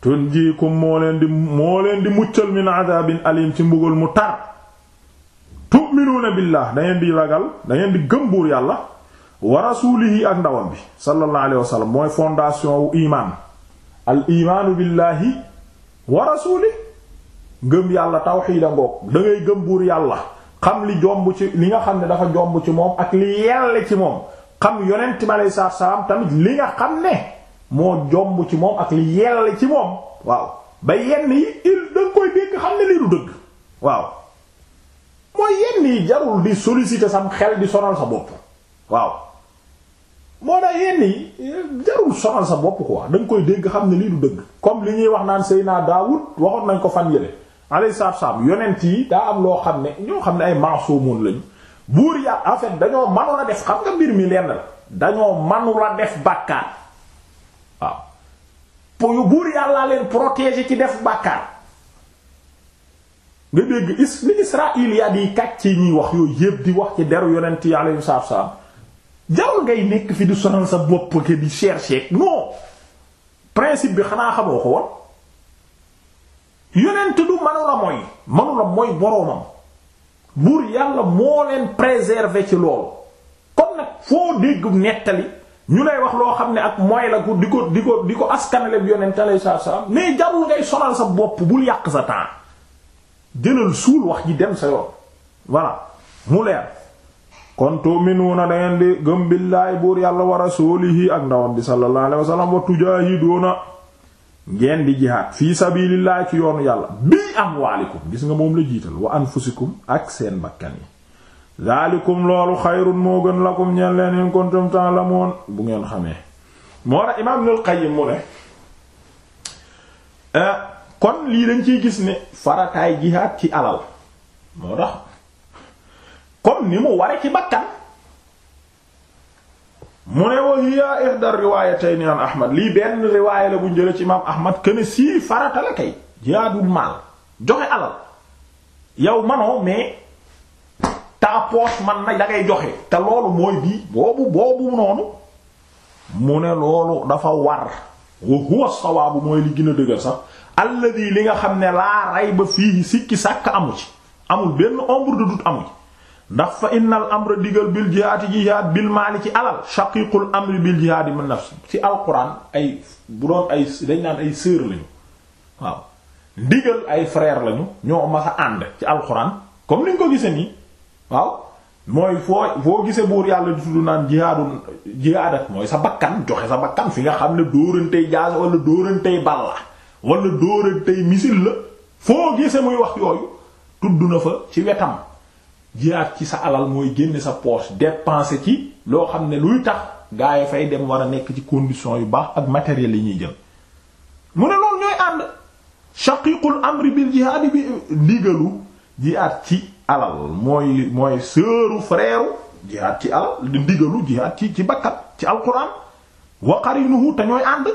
tunjiikum moo leen di moo leen di muccal min adabin alim ci mbugal mu tar tu'minuuna billah da ngeen di ragal dangeen di gëm buur yàlla wa rasulihi ak ndawam bi sallallahu alayhi wa mooy fondation wu imaan al imaanu billahi wa ngëm yàlla tawxiid a ngoog da gëm buur yàlla xam li jomb ci li nga xam ne dafa jomb ci moom ak li yàlla ci moom xam yonent bi aleyhi salaatu salaam tamit li nga xam ne moo jomb ci moom ak li ci moom waaw ba yenn yi il da nga koy dégg xam ne lii du dëgg waaw mooy yenn yi jarul di solliciter sam xel di sonal sa bopp waaw moo tax yenn yi jarul soxal sa bopp ko da nga koy dégg xam ne lii du dëgg comme li ñuy wax naan Seydina Daawud waxoon nañ ko fan yële alayhi salaam yonent yi daa am loo xam ne ñoo xam ne ay maasumoon lañu buur ya en fait dañoo manu la def xam nga mbir mi lenn la dañoo manu la def bàkkaar waaw pour yu buur yàllaa leen protéger ci def bàkkaar nga dégg is li Israël ya di kàcc ci ñuy wax yooyu yépp di wax ci deru yonent yi alayhi salaam jarul ngay nekk fi di sonal sa bopp ke di chercher non principe bi xanaa xamoo ko woon yonent du manula mooy manula mooy boroomam buur yàlla moo leen préserver ci loolu kon nag foo dégg nettali ñu lay wax loo xam ne ak mooy la ko di ko di ko di ko askanale yonent alayhi salaam mais jarul ngay sonal sa bopp bul yàq sa temps jëlal suul wax ji dem sa yoon voilà mu leer kon tu'minuuna da ngeen di gëm buur yàlla wa rasuulihi ak ndawam bi sallallahu alayhi wa sallam ngeen di jihaad fii sabilillahi ci yoonu yàlla bi amwaalikum gis nga moom la jiital wa anfusikum ak seen bakkan yi daalikum loolu xayrun moo gën lakum ñeen leen in kuntum ta'lamuun bu ngeen xamee moo ra imaam Ibnul Qayyim mu ne eh, kon lii dañ ciy gis ni farataay jihaad ci alal moo tax comme ni mu ware ci bakkan mu ne wa hiya ihda riwaayatayni an Ahmad lii benn riwaaya la bu jële ci imaam Ahmad que ne sii farata la kay jihaadul maal joxe alal yow manoo mais ta man na da joxe te loolu mooy bii boobu boobu noonu mu ne loolu dafa war wa huwa sawaabu mooy li gën a dëgër sax alladi li nga xam ne laa ba fiihi sikki sàkk amu ci amul benn ombre de doute amu ci ndax fa innal amra digal bil jihaati jihaad bil maali ci alal shaqiiqul amri bil jihaadi min nafs ci alquran ay bu doon ay dañ naan ay sœur lañu waaw ndigal ay frère lañu ñoo ma a ànd ci alquran comme ni nga ko gisee nii waaw mooy foo foo gisee buur yàlla di tudd naan jihaadu jihaad ak mooy sa bakkan joxe sa bakkan fi nga xam ne dóorantey jaas wala dóorantey bal walla wala dóorantey misil la foo gise muy wax yooyu tudd na fa ci wetam. jihaat ci sa alal mooy génne sa poche dépenser ci loo xam ne luy tax gaa yi fay dem war a nekk ci condition yu baax ak matériel yi ñuy jël mu ne loolu ñooy ànd shaqiqul amri bi ndigalu jihaat ci alal mooy mooy sœuru frère jihaat ci alal ndigalu jihaat ci ci bakkat ci alquran wa qarinuhu te ñooy ànd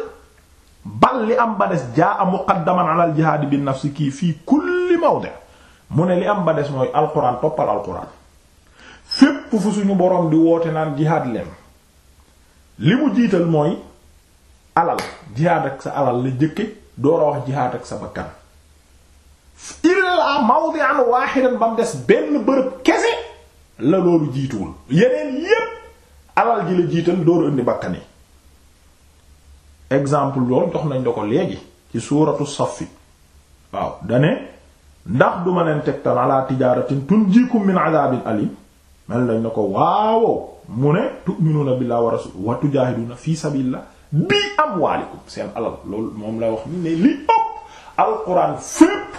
bal li am ba des jaa muqaddaman ala al bi bin nafsi kii fii kulli mawdi' mu ne li am ba des mooy alquran toppal alquran fépp fu suñu boroom di woote naan jihaad leen li mu jiital mooy alal jihaad ak sa alal la jëkke door a wax jihaad ak sa bakkan illa mawdi'an waahidan ba mu des benn bërëb kese la loolu jiituwul yeneen yépp alal ji la jiital dooru indi bakkan yi exemple loolu jox nañ la ko léegi ci suuratu safi waaw dane ndax duma leen tegtal ala tijaaratin tunjiikum min adabin alim mel nañ na ko waawow mu ne tu'minuuna billahi wa rasul wa tujaahiduna fi sabilillah bi amwaalikum seen alal loolu moom lay wax ni ne li ëpp alquran fépp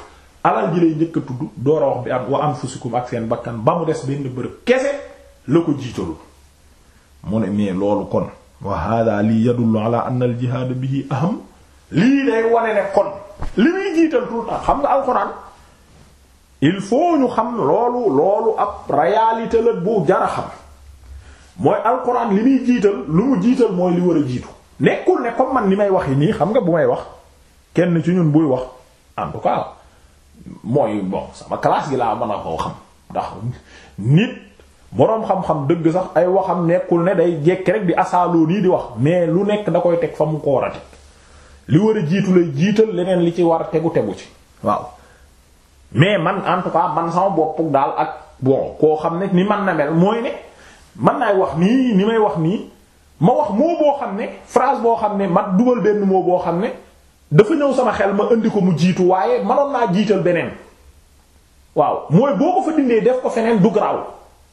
alal ji lay njëkk tudd door a wax bi am wa anfusikum ak seen bakkan ba mu des benn bërëb kese la ko jiitalul mu ne mais loolu kon wa hada lii yadullu ala anna al jihaad bihi aham lii day wane ne kon li muy jiital tuuta xam nga alquran il faut ñu xam loolu loolu ab réalité bu jara xam mooy alxuraan li muy jiital lu mu jiital mooy li war a jiitu nekkul ne comme man li may wax yi nii xam nga bu may wax kenn ci ñun buy wax en mooy bon sama classe gi laa mën a ko xam ndax nit boroom xam-xam dëgg sax ay waxam nekkul ne day jekki rek di asaaloo nii di wax mais lu nekk da koy teg fa mu ko war a teg li war a jiitu lay jiital leneen li ci war tegu tegu ci waaw mais man en tout cas man sama bopp daal ak bon koo xam ne ni man na mel mooy ne man naay wax nii ni may wax nii ma wax moo boo xam ne frase boo xam ne ma dugal benn moo boo xam ne dafa ñëw sama xel ma indi ko mu jiitu waaye manoon naa jiital beneen waaw mooy boo ko fa dindee def ko feneen du garaaw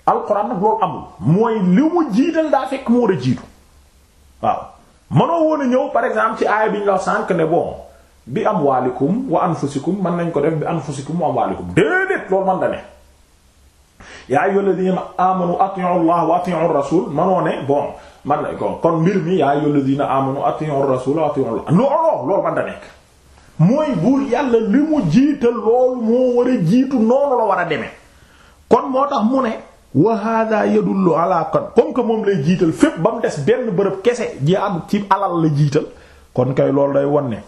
alxuraan nag loolu amul mooy li mu jiital daa fekk mu war a jiitu waaw manoo woon a ñëw par exemple ci aaya bi ñu la sànq ne bon. bi amwaalikum wa anfusikum mën nañ ko def bi anfusikum wa amwaalikum déedéet loolu man da ne yaa ayyuhal ladina amanu ati'u man nañ ko kon mbir mi yaa ayyuhal ladina amanu ati'u rasul yàlla li mu jiitu noonu war a demee kon moo tax mu ne wa hada yadullu ala moom lay jiital fépp ba bërëb kese ji am ci alal la jiital kon kay loolu day won ne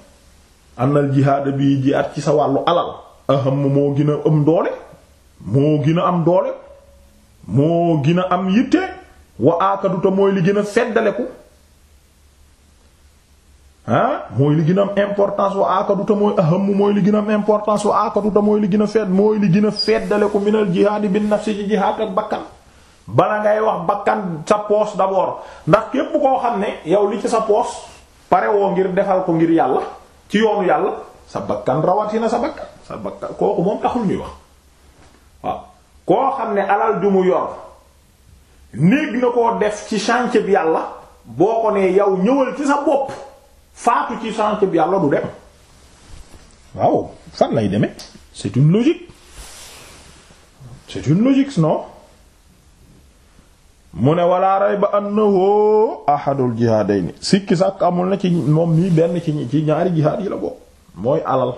am annal jihaada bi jihaad ci sa wàllu alal aham moo gën a am doole moo gin a am doole moo gin a am yitte wa aakaduta mooy li gën a feddaleku ah mooy li gën a am importance wa aakaduta mooy aham mooy li gën a am importance wa aakaduta mooy li gën a fedd mooy li gën a feddaleku minal jihaadi bin nafsi ci jihaad ak bakkan bala ngay wax bakkan sa poos d'abord ndax képp koo xam ne yow li ci sa poos pare woo ngir defal ko ngir yàlla ci yoonu yàlla sa bakkan rawatina sa bakkan sa bakkan kooku moom taxul ñuy wax waaw koo xam ne alal ju mu yor néeg na koo def ci chantier bi yàlla boo ko nee yow ñëwal ci sa bopp faatu ci chantier bi yàlla du dem waaw fan lay deme c'est une logique c'est une mu ne walaa rayba annahu ahadul jihaadayni sikki sàkk amul na ci moom mii benn ci ci ñaari jihaad yi la bokk mooy alal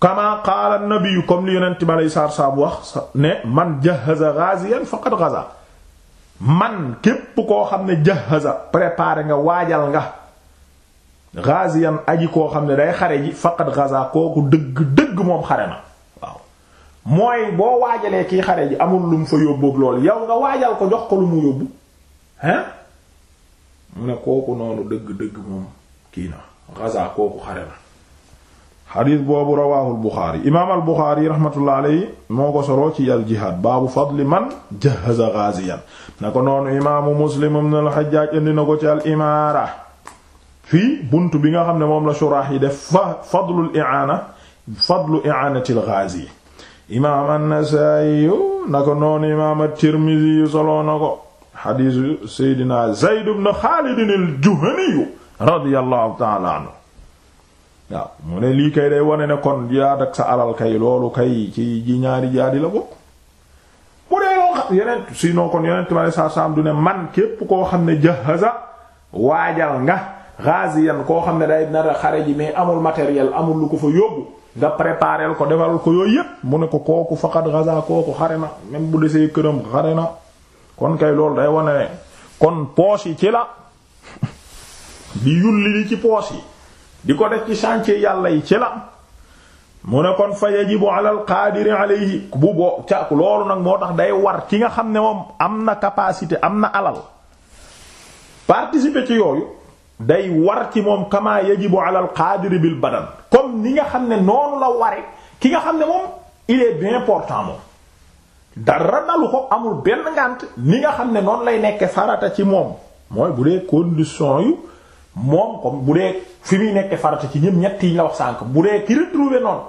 kama qaala nabiyu comme li yonent bi aleyhi salaatu salaam wax ne man jahaza ghaziyan faqad ghaza man képp koo xam ne jahaza préparé nga waajal nga ghaziyan aji koo xam ne day xare ji faqad ghaza kooku dëgg dëgg moom xare na mooy boo waajalee kii xare ji amul lu mu fa yóbbu lool yow nga waajal ko jox ko lu mu yóbbu hein mu ne kooku noonu dëgg dëgg moom kii na gaza kooku xare na xadiis boobu rawaahu albuxaari imaam albuxaari raxmatullahi alayhi ko soroo ci al jihaad baabu fadli man jahaza gaaziyan na ko noonu imaamu muslim ibn al indi na ko ci al fii bunt bi nga xam ne moom la shuraax yi def fa fadlu al iaana fadlu iaanati al gaazi imaam an-Nasaa'i nako noonu imaam at-Tirmidhi ko xadiisu Seydina Zayd ibn Xaalid al radiyallahu ta'ala anhu waaw mu ne lii kay day wane ne kon jihaad sa alal kay loolu kay ci ji ñaari jaadi la bokk bu dee loo xam yeneen sinon kon yeneen tamit saa saam du ne man képp koo xam ne jahaza waajal nga ghaziyan koo xam ne day nar a xare ji amul matériel amul lu ko fa yóbbu. nga préparel ko defal ko yooyu yépp mu ne ko kooku faqad gaza kooku xare na même bu desee këram xare na kon kay loolu day wane ne kon poos yi ci la di yulli ci poche yi di ko def ci chantier yàlla yi ci la mu ne kon fa yajibu ala al qaadiri alayhi bu boo ca loolu nag moo tax day war ki nga xam ne moom am na capacité am na alal participer ci yooyu day war ci moom kama yajibu ala al qadir bil badan comme ni nga xam ne noonu la ware ki nga xam ne moom il est bien portant moom dara dalu ko amul benn ngànt ni nga xam ne noonu lay nekke farata ci moom mooy bu dee condition yu moom bu dee fi muy nekk farata ci ñëm ñett yi la bu dee ki retrouvé noonu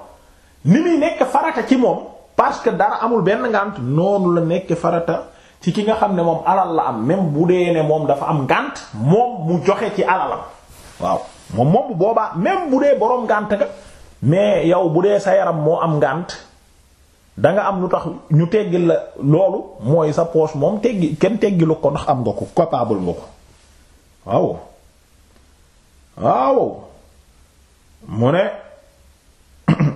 ni muy nekk farata ci moom parce que dara amul benn ngànt noonu la nekke farata ci ki nga xam ne moom alal la am même bu dee ne moom dafa am ngànt moom mu joxe ci alalam waaw moom moom bu boobaa même bu dee boroom ngànt nga mais yow bu dee sa yaram moo am ngànt da nga am lu tax ñu teggil la loolu mooy sa poche moom teggi kenn teggilu ko ndax nga ko capable nga ko waaw waaw mu ne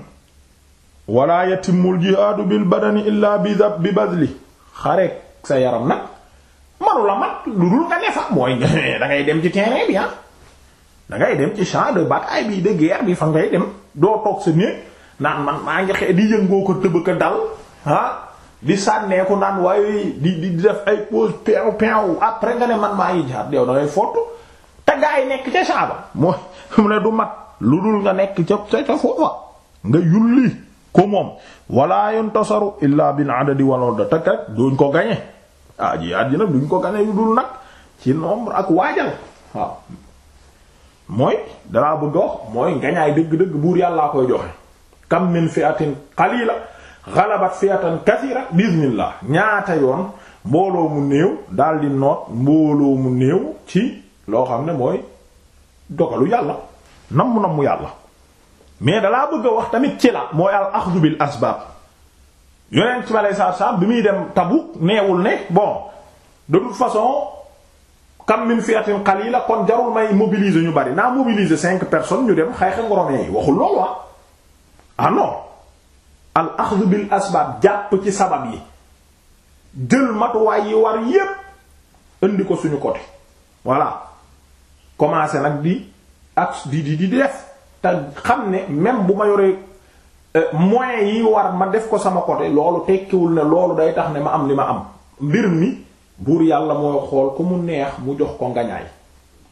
wala yatimul jihaadu bil badani illa bi badli xare sa yaram nag manu la mat lu dul nga ne fa mooy da ngay dem ci terrain bi ah dem ci champ de bataille bi de guerre bi fa ngay dem doo toog sa néeg naan man maa ngi xe di yëngoo ko tëb ko dal ah, di sànneeku naan waaye di di def ay pause peew peew après nga ne man maa ngi jaar yow da te gaa yi nekk ca champ ba mooy mu ne du mat lu dul nga nekk ca ca ca foofa nga yulli. ku moom wala yuntasaru illaa bin adadi wal udda te duñ ko gañe ah ji nag duñ ko gañe yu dul nag ci nombre ak waajal waaw mooy dalaa bëgg wax mooy ngañaay dëgg-dëgg buur yàllaa koy joxe kam min fi'atin qalila ghalabat fi'atan kathira biznillah ñaata yoon mbooloo mu néew daldi noot mbooloo mu néew ci loo xam ne mooy dogalu yàlla namm namm yàlla mais dalaa bëgg wax tamit ci la mooy al axdu bil asbaab yonent bi alayhi salaatu salaam bi muy dem Tabuk neewul ne bon de toute façon kam min fi'atin qalila kon jarul may mobiliser ñu bari naa mobiliser cinq personnes ñu dem xay xa yi waxul loolu wax ah. ah non al axdu bil asbaab jàpp ci sabab yi jël matuwaay yi war yépp indi ko suñu côté voilà commencer nag di ak di di di def te xam ne même bu ma yoree euh, moyens yi war ma def ko sama côté loolu tekkiwul ne loolu day tax ne ma am li ma am mbir mi buur yàlla mooy xool ku mu neex mu jox ko ngañaay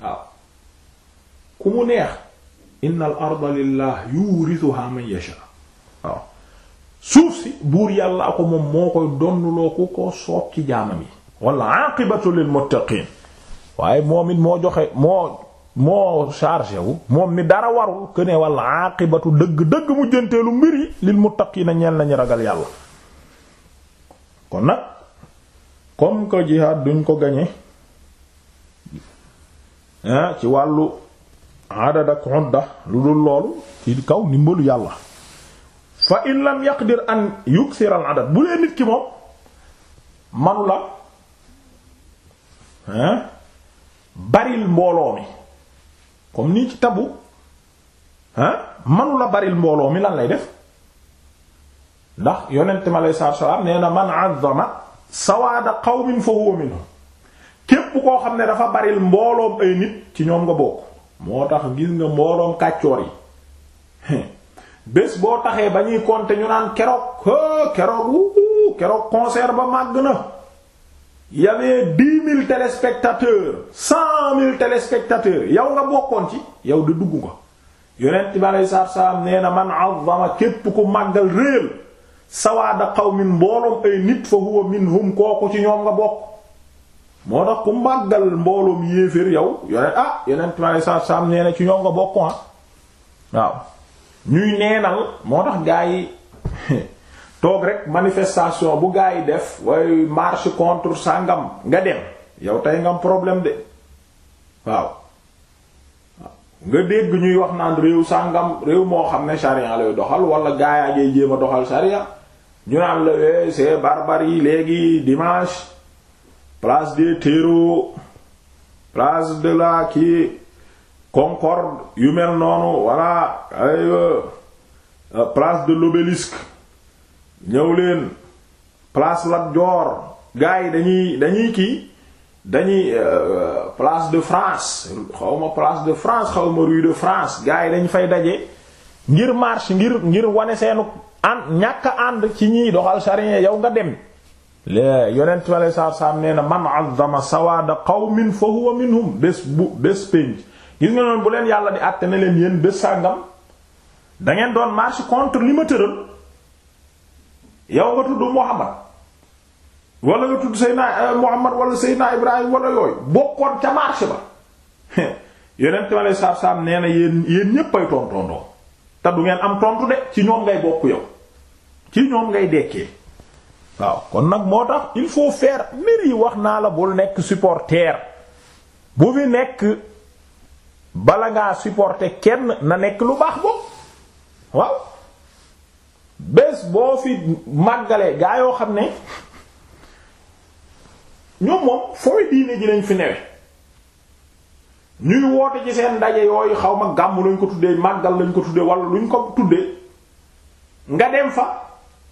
waaw ku mu neex innal arda lillah yurithuha man yasha waaw suuf si buur yàlla ako moom moo koy donnuloo ku ko soob ci jaamam yi walla aqibatu lil muttaqin waaye moom it moo joxe moo moo chargé wu moom ni dara warul que ne wala aqibatu dëgg-dëgg mu jënteelu mbir yi lil muttaqiina ñeel nañu ragal yàlla kon nag comme que jihaad duñ ko gañe ci wàllu adad ak udda lu dul loolu ci kaw ndimbalu yàlla fa in lam yaqdir an yuksira al adad bu dee nit ki moom manu la baril mbooloo mi comme nii ci tabu ah manu la baril mbooloo mi lan lay def ndax yonent mi aleyhi salaatu wa salaam nee na man azzama sawaada qawmin fa huwa minhum képp koo xam ne dafa baril mbooloom ay nit ci ñoom nga bokk moo tax gis nga mbooloom kàccoor yi bés boo taxee ba ñuy konte ñu naan keroog keroog wuu keroog concert ba màgg na. y avait dix mille téléspectateurs cent mille téléspectateurs yow nga bokkoon ci yow di dugg nga yonent bi aleyhi salaatu salaam nee na man azzama képp ku màggal réel sawaada qawmin mbooloom ay nit fa huwa minhum kooku ci ñoom nga bokk moo tax ku màggal mbooloom yéeféer yow yonent ah yonent bi aleyhi salaatu ci ñoom nga bokk ah waaw ñuy neenal moo tax gaa yi toog rek manifestation bu gaa yi def way marche contre sàngam nga dem yow tey ngam problème de waaw nga dégg ñuy wax naan réew sangam réew moo xam ne charia lay doxal wala gaa yaa ngay jéem a doxal charia ñu naan la we eh, c'est léegi dimanche place des terreaux place de la kii concorde yu mel noonu voilà ay place de l'obélisque ñëw leen place Lat Dior gars yi dañuy dañuy kii dañuy euh, euh, place de France xawma place de France xawma rue de France gars yi dañu fay daje ngir marche ngir ngir wane seenu ànd ñàkk ànd ci ñiy doxal charia yow nga dem lée yonent mi alei saatu salaam na man azzama sawaada qawmin fa huwa minhum bés bu bés pénc gis nga noonu bu leen yàlla di àtte ne leen yéen bés sàngam da doon marche contre li ma tëral yow nga tudd Muhammad wala nga tudd Seydina eh, Muhammad wala Seydina Ibrahim wala yooyu bokkoon ca marché ba yonent ma lay saab-saab nee na yéen yéen ñépp ay tontondoo te du ngeen am tontu de ci ñoom ngay bokk yow ci ñoom ngay dekkee waaw kon nag moo tax il faut faire mbir yi wax naa la bul nekk supporter bu fi nekk bala ngaa supporter kenn na nekk lu baax boobu waaw bés boo fi màggalee gaa yoo xam ne ñoom moom fooy diine ji lañ fi newe ñuy woote ci seen ndaje yooyu xaw ma gàmm lañ ko tuddee màggal lañ ko tuddee wala luñ ko tuddee nga dem fa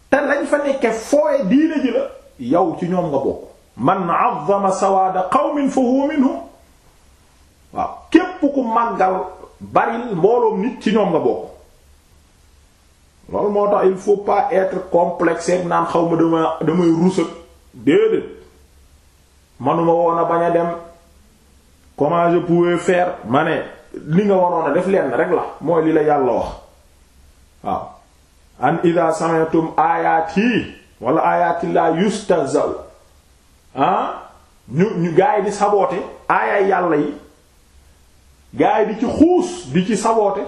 te lañ fa nekke fooye diine ji la yow ci ñoom nga bokk man azzama sawaada qawmin fa huwa minhum waaw képp ku màggal baril mbooloom nit ci ñoom nga bokk loolu moo tax il faut pas être complexé naan xaw ma dama damay ruus ak déedéet manuma woon a bañ a dem comment je fer faire ma ne li nga waroon a def leen rek la mooy li la yàlla wax waaw an ida sami'tum ayati wala ayati la yustahza'u ah ñu ñu gaay di saboote aayaay yàlla yi gaay di ci xuus di ci saboote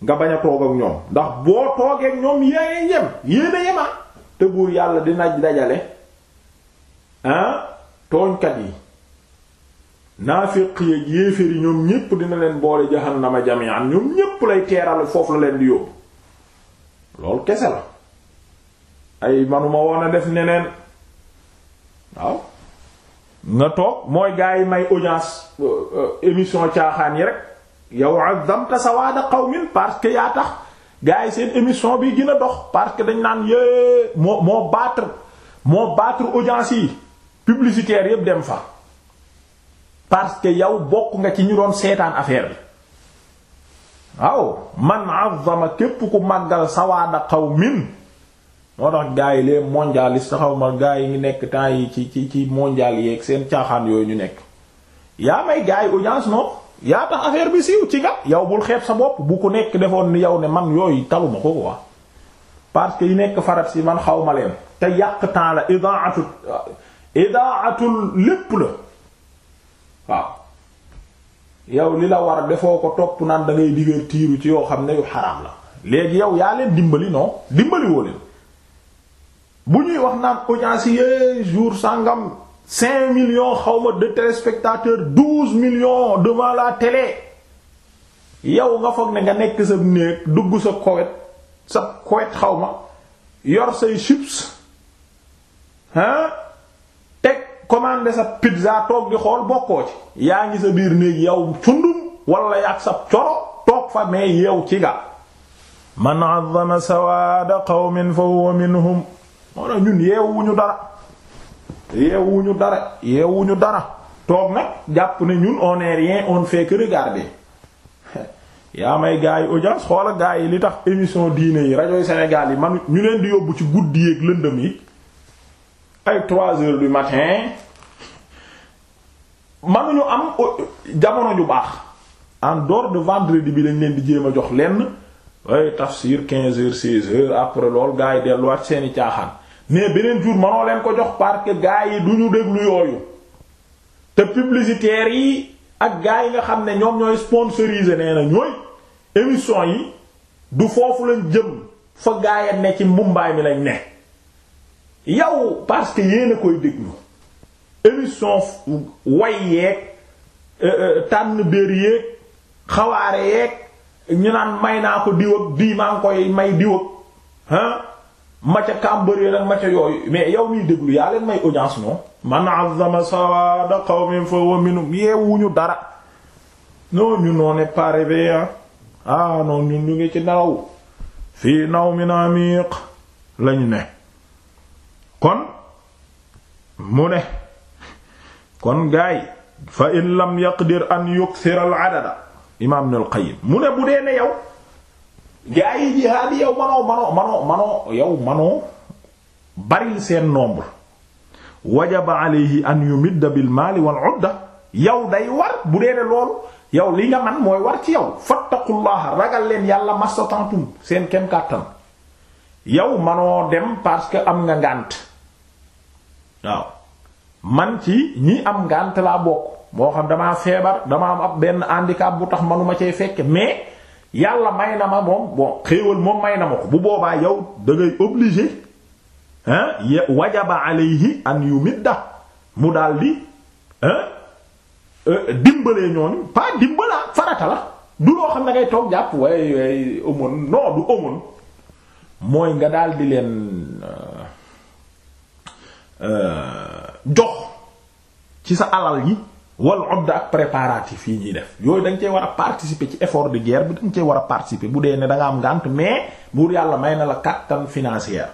nga bañ a toog ak ñoom ndax boo toogee ñoom yéen yem yéen a yema te buur yàlla dina dajale ah tooñkat yi naafiq yeeg yéeféer yi ñoom ñépp dina leen boole jahannama jami'an ñoom ñépp lay teeral foofu la leen di yóbbu loolu kese la ay manuma woon a def neneen waaw nga toog mooy gaa yi may audience euh, euh, émission caaxaan yi rek. yow azamta sawaada qawmin parce que yaa tax gars yi seen émission bi gën a dox parce que dañ naan yée moo moo battre moo battre audience yi publicitaire yépp dem fa parce que yow bokk nga ci ñu doon seetaan affaire bi waaw man azama képp ku màggal sawaada qawmin moo tax gars yi les mondialistes xaw ma gars yi ngi nekk temps yi ci ci ci mondial yeeg seen caaxaan yooyu ñu nekk yaa may gars yi audience non yaa tax affaire bi siiw ci nga yow bul xeeb sa bopp bu ku nekk defoon ni yow ne man yooyu taluma ko quoi parce que yi nekk farat si man xaw ma leen te yàq temps la idaatul atul lépp la waaw yow li la war defoo ko topp naan da ngay divertiru ci yoo xam ne yu xaraam la léegi yow yaa leen dimbali non dimbali woo leen bu ñuy wax naan audience yee eh, jour cinq millions xawma de téléspectateurs douze millions devant la télé yow nga foog ne nga nekk sa néeg dugg sa kowet sa kowet xawma yor say chips hein teg commandé sa pizza toog di xool bokkoo ci yaa ngi sa biir néeg yow cundum wala yàq sa coro toog fa mais yow ci nga man àzzama sawaada qawmin fa huwa minhum moo ñun yeewuñu dara yeewuñu dara yeewuñu dara toog nag jàpp ne ñun on est rien on fait que regarder yaa may gars yi audience xoola gars yi li tax émission diine yi rajo Sénégal yi man ñu leen di yóbbu ci guddi yeeg lëndëm yi ay trois heures du matin manuñu am jamono ju baax en dehors de vendredi bi lañ leen di jéem a jox lenn ay tafsir quinze heures seize heures après lool gars yi delluwaat seeni caaxaan. mais beneen jour manoo leen ko jox parce que gaa yi du ñu déglu yooyu te publicitaires yi ak gaa yi nga xam ne ñoom ñooy sponsorisé nee na ñooy émission yi du foofu lañ jëm fa gaaya ne ci mbumbaay mi lañ ne yow parce que yéen koy déglu émission way yeeg euh, euh, tànn béer yeeg xawaare yeeg ñu naan may naa ko diw ak maa koy may diw ma kàmbaree nag ma ca yooyu mais yow miy déglu yaa leen may audience non man azama sawada qawmin fa huwa minhum yeewuñu dara non ñun noo ne pas ah non ñu ngi ci nelaw fii nawmin amiq lañ ne kon mu ne kon gaay fa in lam yaqdir an yukthira al adada imam Ibn al Qayyim mu ne bu dee ne yow gaa yi jihaad yow manoo manoo manoo manoo yow manoo baril seen nombre wajaba alayhi an yumidda bil maali wal udda yow day war bu dee ne loolu yow li nga man mooy war ci yow fattaqullaha ragal leen yàlla mastatantum seen kem kàttan yow manoo dem parce que am nga ngànt waaw man ci ñi am ngànt laa bokk moo xam damaa feebar dama am ab benn handicap bu tax manuma cay fekke mais yàlla may na ma moom bon xéewal moom may na ma ko bu boobaa yow da ngay obligé ah wajaba alayhi an yumidda mu daal di euh, dimbalee ñooñu pas dimbalaa farata la du loo xam ne ngay toog jàpp way way aumône non du mooy nga daal di leen euh, euh, jox ci sa alal yi wal odda ak préparatifs yi ñuy def yooyu dañ nga cee war a participer ci effort de guerre bi da nga war a participer bu dee ne da am ngànt mais buur yàlla may na la kàttan financière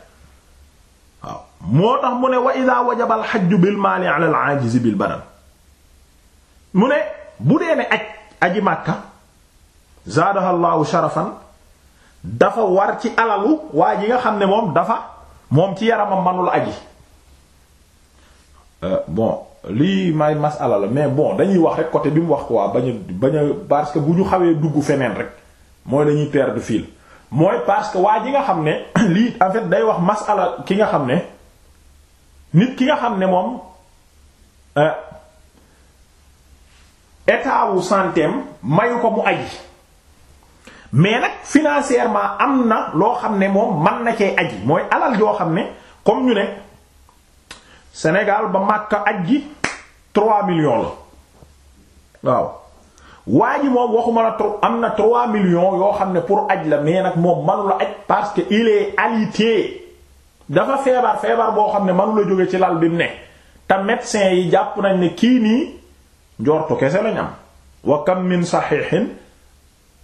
waaw moo tax mu ne wa ida wajaba al hajju bil mali ala al bil badan mu ne bu dee ne aj aji màkka zaadaha llahu sharafan dafa war ci alalu waa yi nga xam ne moom dafa moom ci yaramam manul aji euh, bon lii may masala la mais bon dañuy wax rek côté bi mu wax waa bañ bañ a parce que bu ñu xawee dugg feneen rek mooy dañuy perdre fil mooy parce que waa ji nga xam ne lii en day wax masala ki nga xam ne nit ki nga xam ne moom euh, état wu santé mayu ko mu aji mais nag financièrement am na loo xam ne moom man na cee aji mooy alal yoo xam ne comme ñu ne Sénégal ba Makka aj gi trois millions la waaw waa ji moom waxuma am na trois millions yoo xam ne pour aj la mais nag moom manu la aj parce que il est alité dafa feebar feebar boo xam ne manu la jóge ci lal bi mu ne te médecin yi jàpp nañ ne kii nii njortu kese lañ am wa kam min saxiixin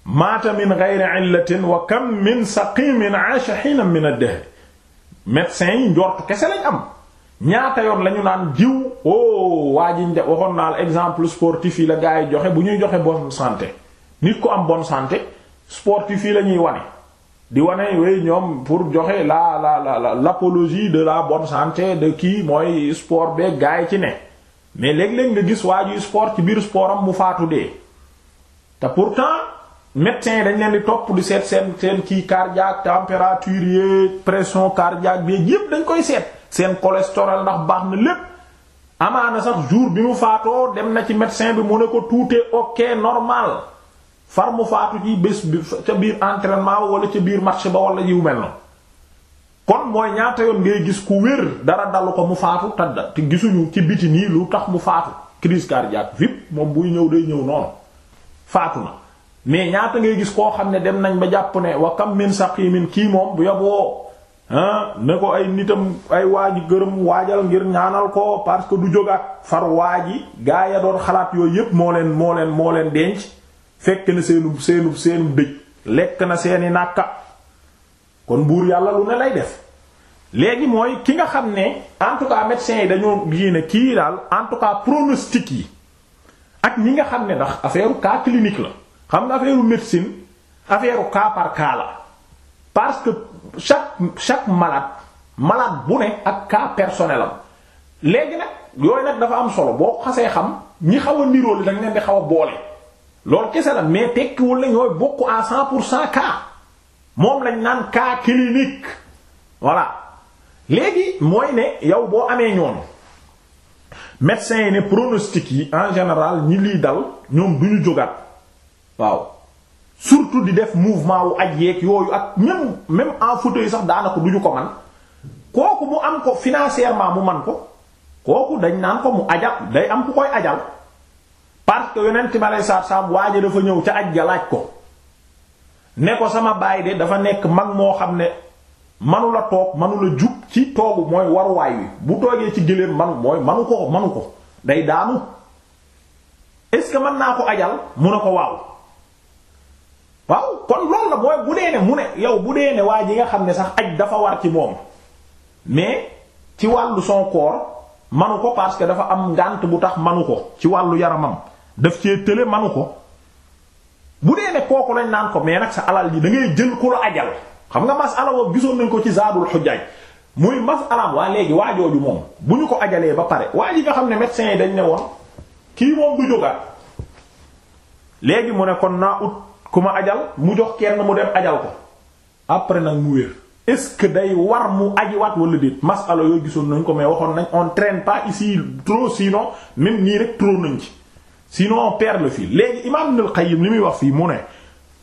maata min geyri illatin wa kam min saqimin aasha min ad-dahr médecin yi njortu kese lañ am ñaata yoon la ñu naan jiw oh waa ji waxoon naa la exemple sportif yi la gaa yi joxe bu ñuy joxe bonne santé nit ko am bonne santé sportif yi la ñuy wane di wane wey ñoom pour joxe la la la de la bonne santé de kii mooy sport beeg gaa yi ci ne mais léeg-léeg nga gis waa ji sport ci biir sportam mu faatu dee te pourtant médecins yi dañ leen di topp di seet seen seen kii cardiaque température yeeg pression cardiaque bi yépp dañ koy seet. seen cholestérol ndax baax na lépp amaana sax jour bi mu faatoo dem na ci médecin bi mu ne ko tout est ok normal far mu faatu ci bés bi ca biir entraînement wala ca biir match ba wala yiw mel na kon mooy ñaata yoon ngay gis ku wér dara dalu ko mu faatu tadda te gisuñu ci biti nii lu tax mu faatu crise cardiaque vip moom buy ñëw day ñëw noonu faatu na mais ñaata ngay gis koo xam ne dem nañ ba jàpp ne wa kam min saqimin kii moom bu yoboo Ah, ne ko ay nitam ay waaji gërëm waajal ngir ñaanal ko parce que du jógaat far waaji gaa ya doon xalaat yooyu yépp moo leen moo leen moo leen denc fekk na seenu seenu seenu dëj lekk na seeni nàkka kon buur yàlla lu ne lay def léegi mooy ki nga xam ne en tout cas yi dañoo yéene kii daal en tout cas pronostic yi ak ñi nga xam ne ndax affaire cas clinique la xam nga affaire médecine affaire cas par la parce que chaque chaque malade malade bu ne ak cas personnel am léegi nag yooyu nag dafa am solo boo xasee xam ñi xaw a niroole da nga leen di xaw a boole loolu kese la mais tekkiwul la ñooy bokk à 100 pour cent cas moom lañ naan cas clinique voilà léegi mooy ne yow boo amee ñoom médecins yi ne pronostic yi en général ñi lii dal ñoom du ñu jógaat waaw. surtout di def mouvement wu aj yeeg yooyu ak même même en fauteuil sax daanaka duñu ko man kooku mu am ko financièrement mu man ko kooku dañ naan ko mu ajal day am ku koy ajal parce que yonent ma lay saab saab waaja dafa ñëw ca aj ga ko ne ko sama baay de dafa nekk mag moo xam ne manu toog manu la jub ci toogu mooy waruwaay wi bu toogee ci géléem man mooy manu ko manu ko day daanu est-ce que mën naa ko ajal mu ne ko waaw waaw kon loolu la mooy bu dee ne mu ne yow bu dee ne waa ji nga xam ne sax aj dafa war ci moom mais ci wàllu sonkoor corps manu ko parce que dafa am ngànt bu tax manu ko ci wàllu yaramam def cee tële manu ko bu dee ne kooku lañ naan ko mais nag sa alal ji da jën jël ku la ajal xam nga masala wo gisoon nañ ko ci zaadul xujjaaj muy masalaam waa léegi waajooju moom bu ñu ko ajalee ba pare waa ji nga xam ne médecins yi dañ ne woon kii moom du jógaat léegi mu ne kon naa ut ku ma ajal mu jox kenn mu dem ajal ko après nag mu wér est-ce que day war mu ajiwaat wala déet masala yoo gisoon nañ ko mais waxoon nañ on traîne pas ici trop sinon même nii rek trop nañ ci sinon on perd le fil léegi imaam Ibnul Qayyim li muy wax fii mu ne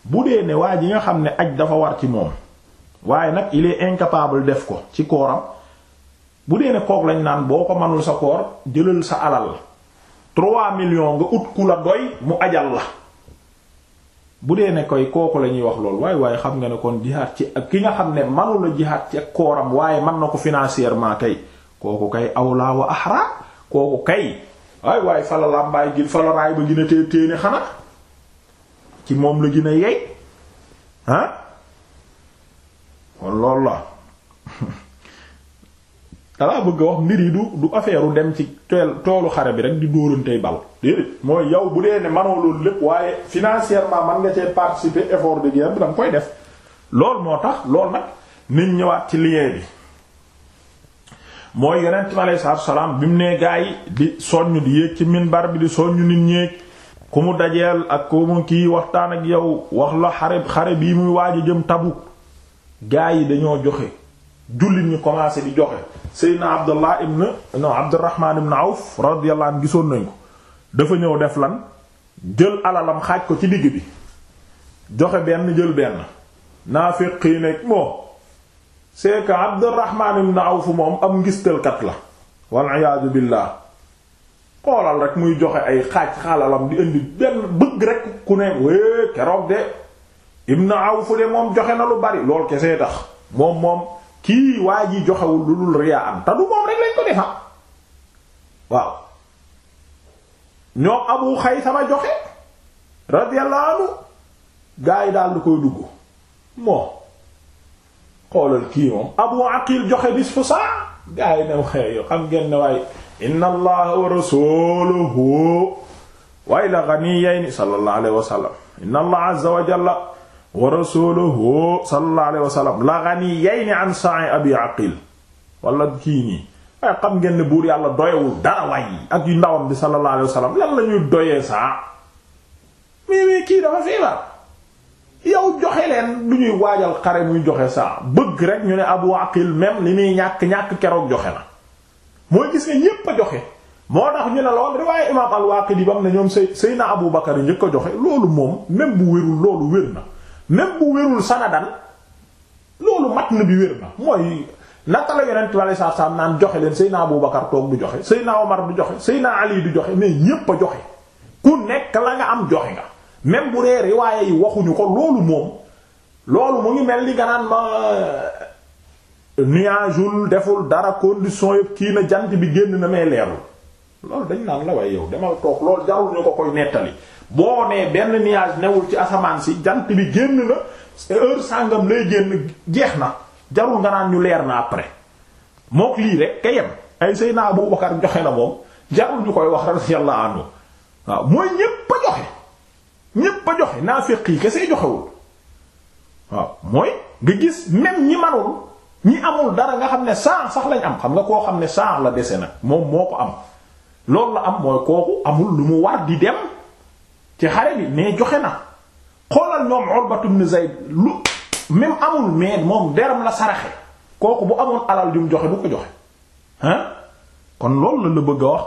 bu dee ne waa ji nga xam ne aj dafa war ci moom waaye nag il est def ko ci kooram bu dee ne kook lañ naan boo ko manul sa koor jëlal sa alal 3 millions nga ut ku la doy mu ajal la. bu dee ne koy kooku la ñuy wax lool waaye waaye xam nga ne koon jihaad ci ak ki nga xam ne manula jihaad ci ak kooram waaye man na ko financièrement tey kooku kay awlaa wa ahra kooku kay waaye waaye fala làmbaay gi fala raay ba gën a tée téene xanaa ci moom la gën a yey ah? kon loolu la dalaa bëgg a wax mbir yi du du affaire dem ci toolu xare bi rek di dóorantey bal déedéet mooy yow bu dee ne manoo loolu lépp waaye financièrement man nga cee participer effort de guerre bi da nga koy def loolu moo tax lool nag niñ ñëwaat ci lien bi mooy yonent mi aleyhi salaatu salaam bi mu nee gaa yi di soññ di yéeg ci minbar bi di soññ nit ñéeg ku mu dajeel ak ku mu kii waxtaan ak yow wax la xare xare bii muy waaj a jëm Tabuk gaa yi dañoo joxe jullit ñu commencé di joxe Seydina Abdullah ibn non Abdurrahman ibn Awf radiyallahu anhu gisoon nañ ko dafa ñëw def lan jël alalam xaaj ko ci digg bi joxe benn jël benn naafiq yi nekk moo c'est que Abdurrahman ibn moom am ngistalkat la wal iyaadu billah xoolal rek muy joxe ay xaaj xaalalam di indi benn bëgg rek ku ne wée keroog de ibn Awf de moom joxe na lu bari lool kese tax moom moom kii waa ji joxewul lu dul riyaa am te du moom rek lañ ko defa waaw ñoom abu xaysama joxe radiyallahu anhu gaa yi daal du koy dugg moom xoolal kii moom abu aqil joxe nisfu saa gaa yi new xëy yo xam ngeen ne waaye inna allaha wa rasuluhu wa ila ghaniyyin sallallahu alayhi wa sallam inna wa jalla wa rasuluhu sallallahu alayhi wa sallam la ghaniyayn an sa'i abi aqil wala kii nii waaye eh, xam ngeen ne buur yàlla doyewul dara waay ak yu ndawam bi sallallahu alayhi wa sallam lan la ñuy doyee saa mais mais kii dafa feebar yow joxe leen du ñuy waajal xare muy joxe saa bëgg rek ñu ne abu aqil même li muy ñàkk ñàkk keroog joxe la mooy gis ne ñépp a joxe moo tax ñu ne lool riwaaye imaam al-Waaqidi bam ne ñoom say na Abu Bakar yi njëkk a joxe loolu moom même bu même bu wérul sanadan loolu na bi wér na mooy naka la yonent bi alei satu naan joxe leen Seydina Abu Bakar toog du joxe Seydina Omar du joxe Seydina Ali du joxe mais ñépp a joxe ku nekk la nga am joxe nga même bu dee waaye yi waxuñu ko loolu moom loolu mu ngi mel ni ganaan ma euh, nuageul deful dara condition yëpp kii na jant bi génn na may leerul loolu dañ naan la waaye yow demal toog loolu jarul ñu ko koy nettali boo nee benn nuage newul ci asamaan si jant bi génn na heure sàngam lay génn jeex na jarul nga naan ñu leer na après mook lii rek ka yem ay Seydina Abu Bakar joxe na moom jarul ñu koy wax radiyallahu anhu waaw mooy ñépp a joxe ñépp a joxe naafiq yi kese joxewul waaw mooy nga gis même ñi manul ñi amul dara nga xam ne saax sax lañ am xam nga koo xam ne saax la dese nag moom moo ko am loolu la am mooy kooku amul lu mu war di dem ci xare bi mais joxe na xoolal ñoom Urbat ibn Zayd lu même amul mais moom deram la saraxe kooku bu amoon alal jum joxe bu ko joxe hein kon loolu la la bëgg a wax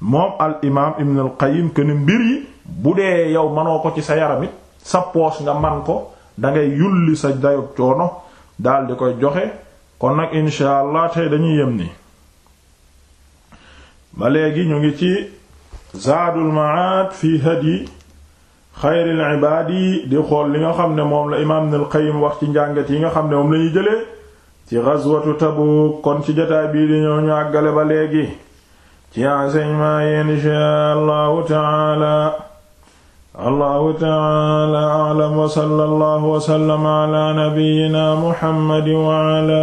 moom al imaam Ibn al Qayyim mbir yi bu dee yow manoo ko ci sa yaram it sa poos nga man ko dangay yulli sa dayob coono daal di koy joxe kon nag insha allah tey dañuy yem nii ba léegi ñu ngi ci zaadul maad fi hadyi xayril ibaadi di xool li nga xam ne moom la imaam Ibnul Qayyim wax ci njàngat yi nga xam ne moom la ñuy jëlee ci ghazwatu Tabuk kon ci jotaay bii di ñëw ñu àggale ba léegi ci enseignement yi inshaa Allahu ta'ala Allahu ta'ala a'lam wa sallallahu wa sallama ala nabiyyina Muhammad wa ala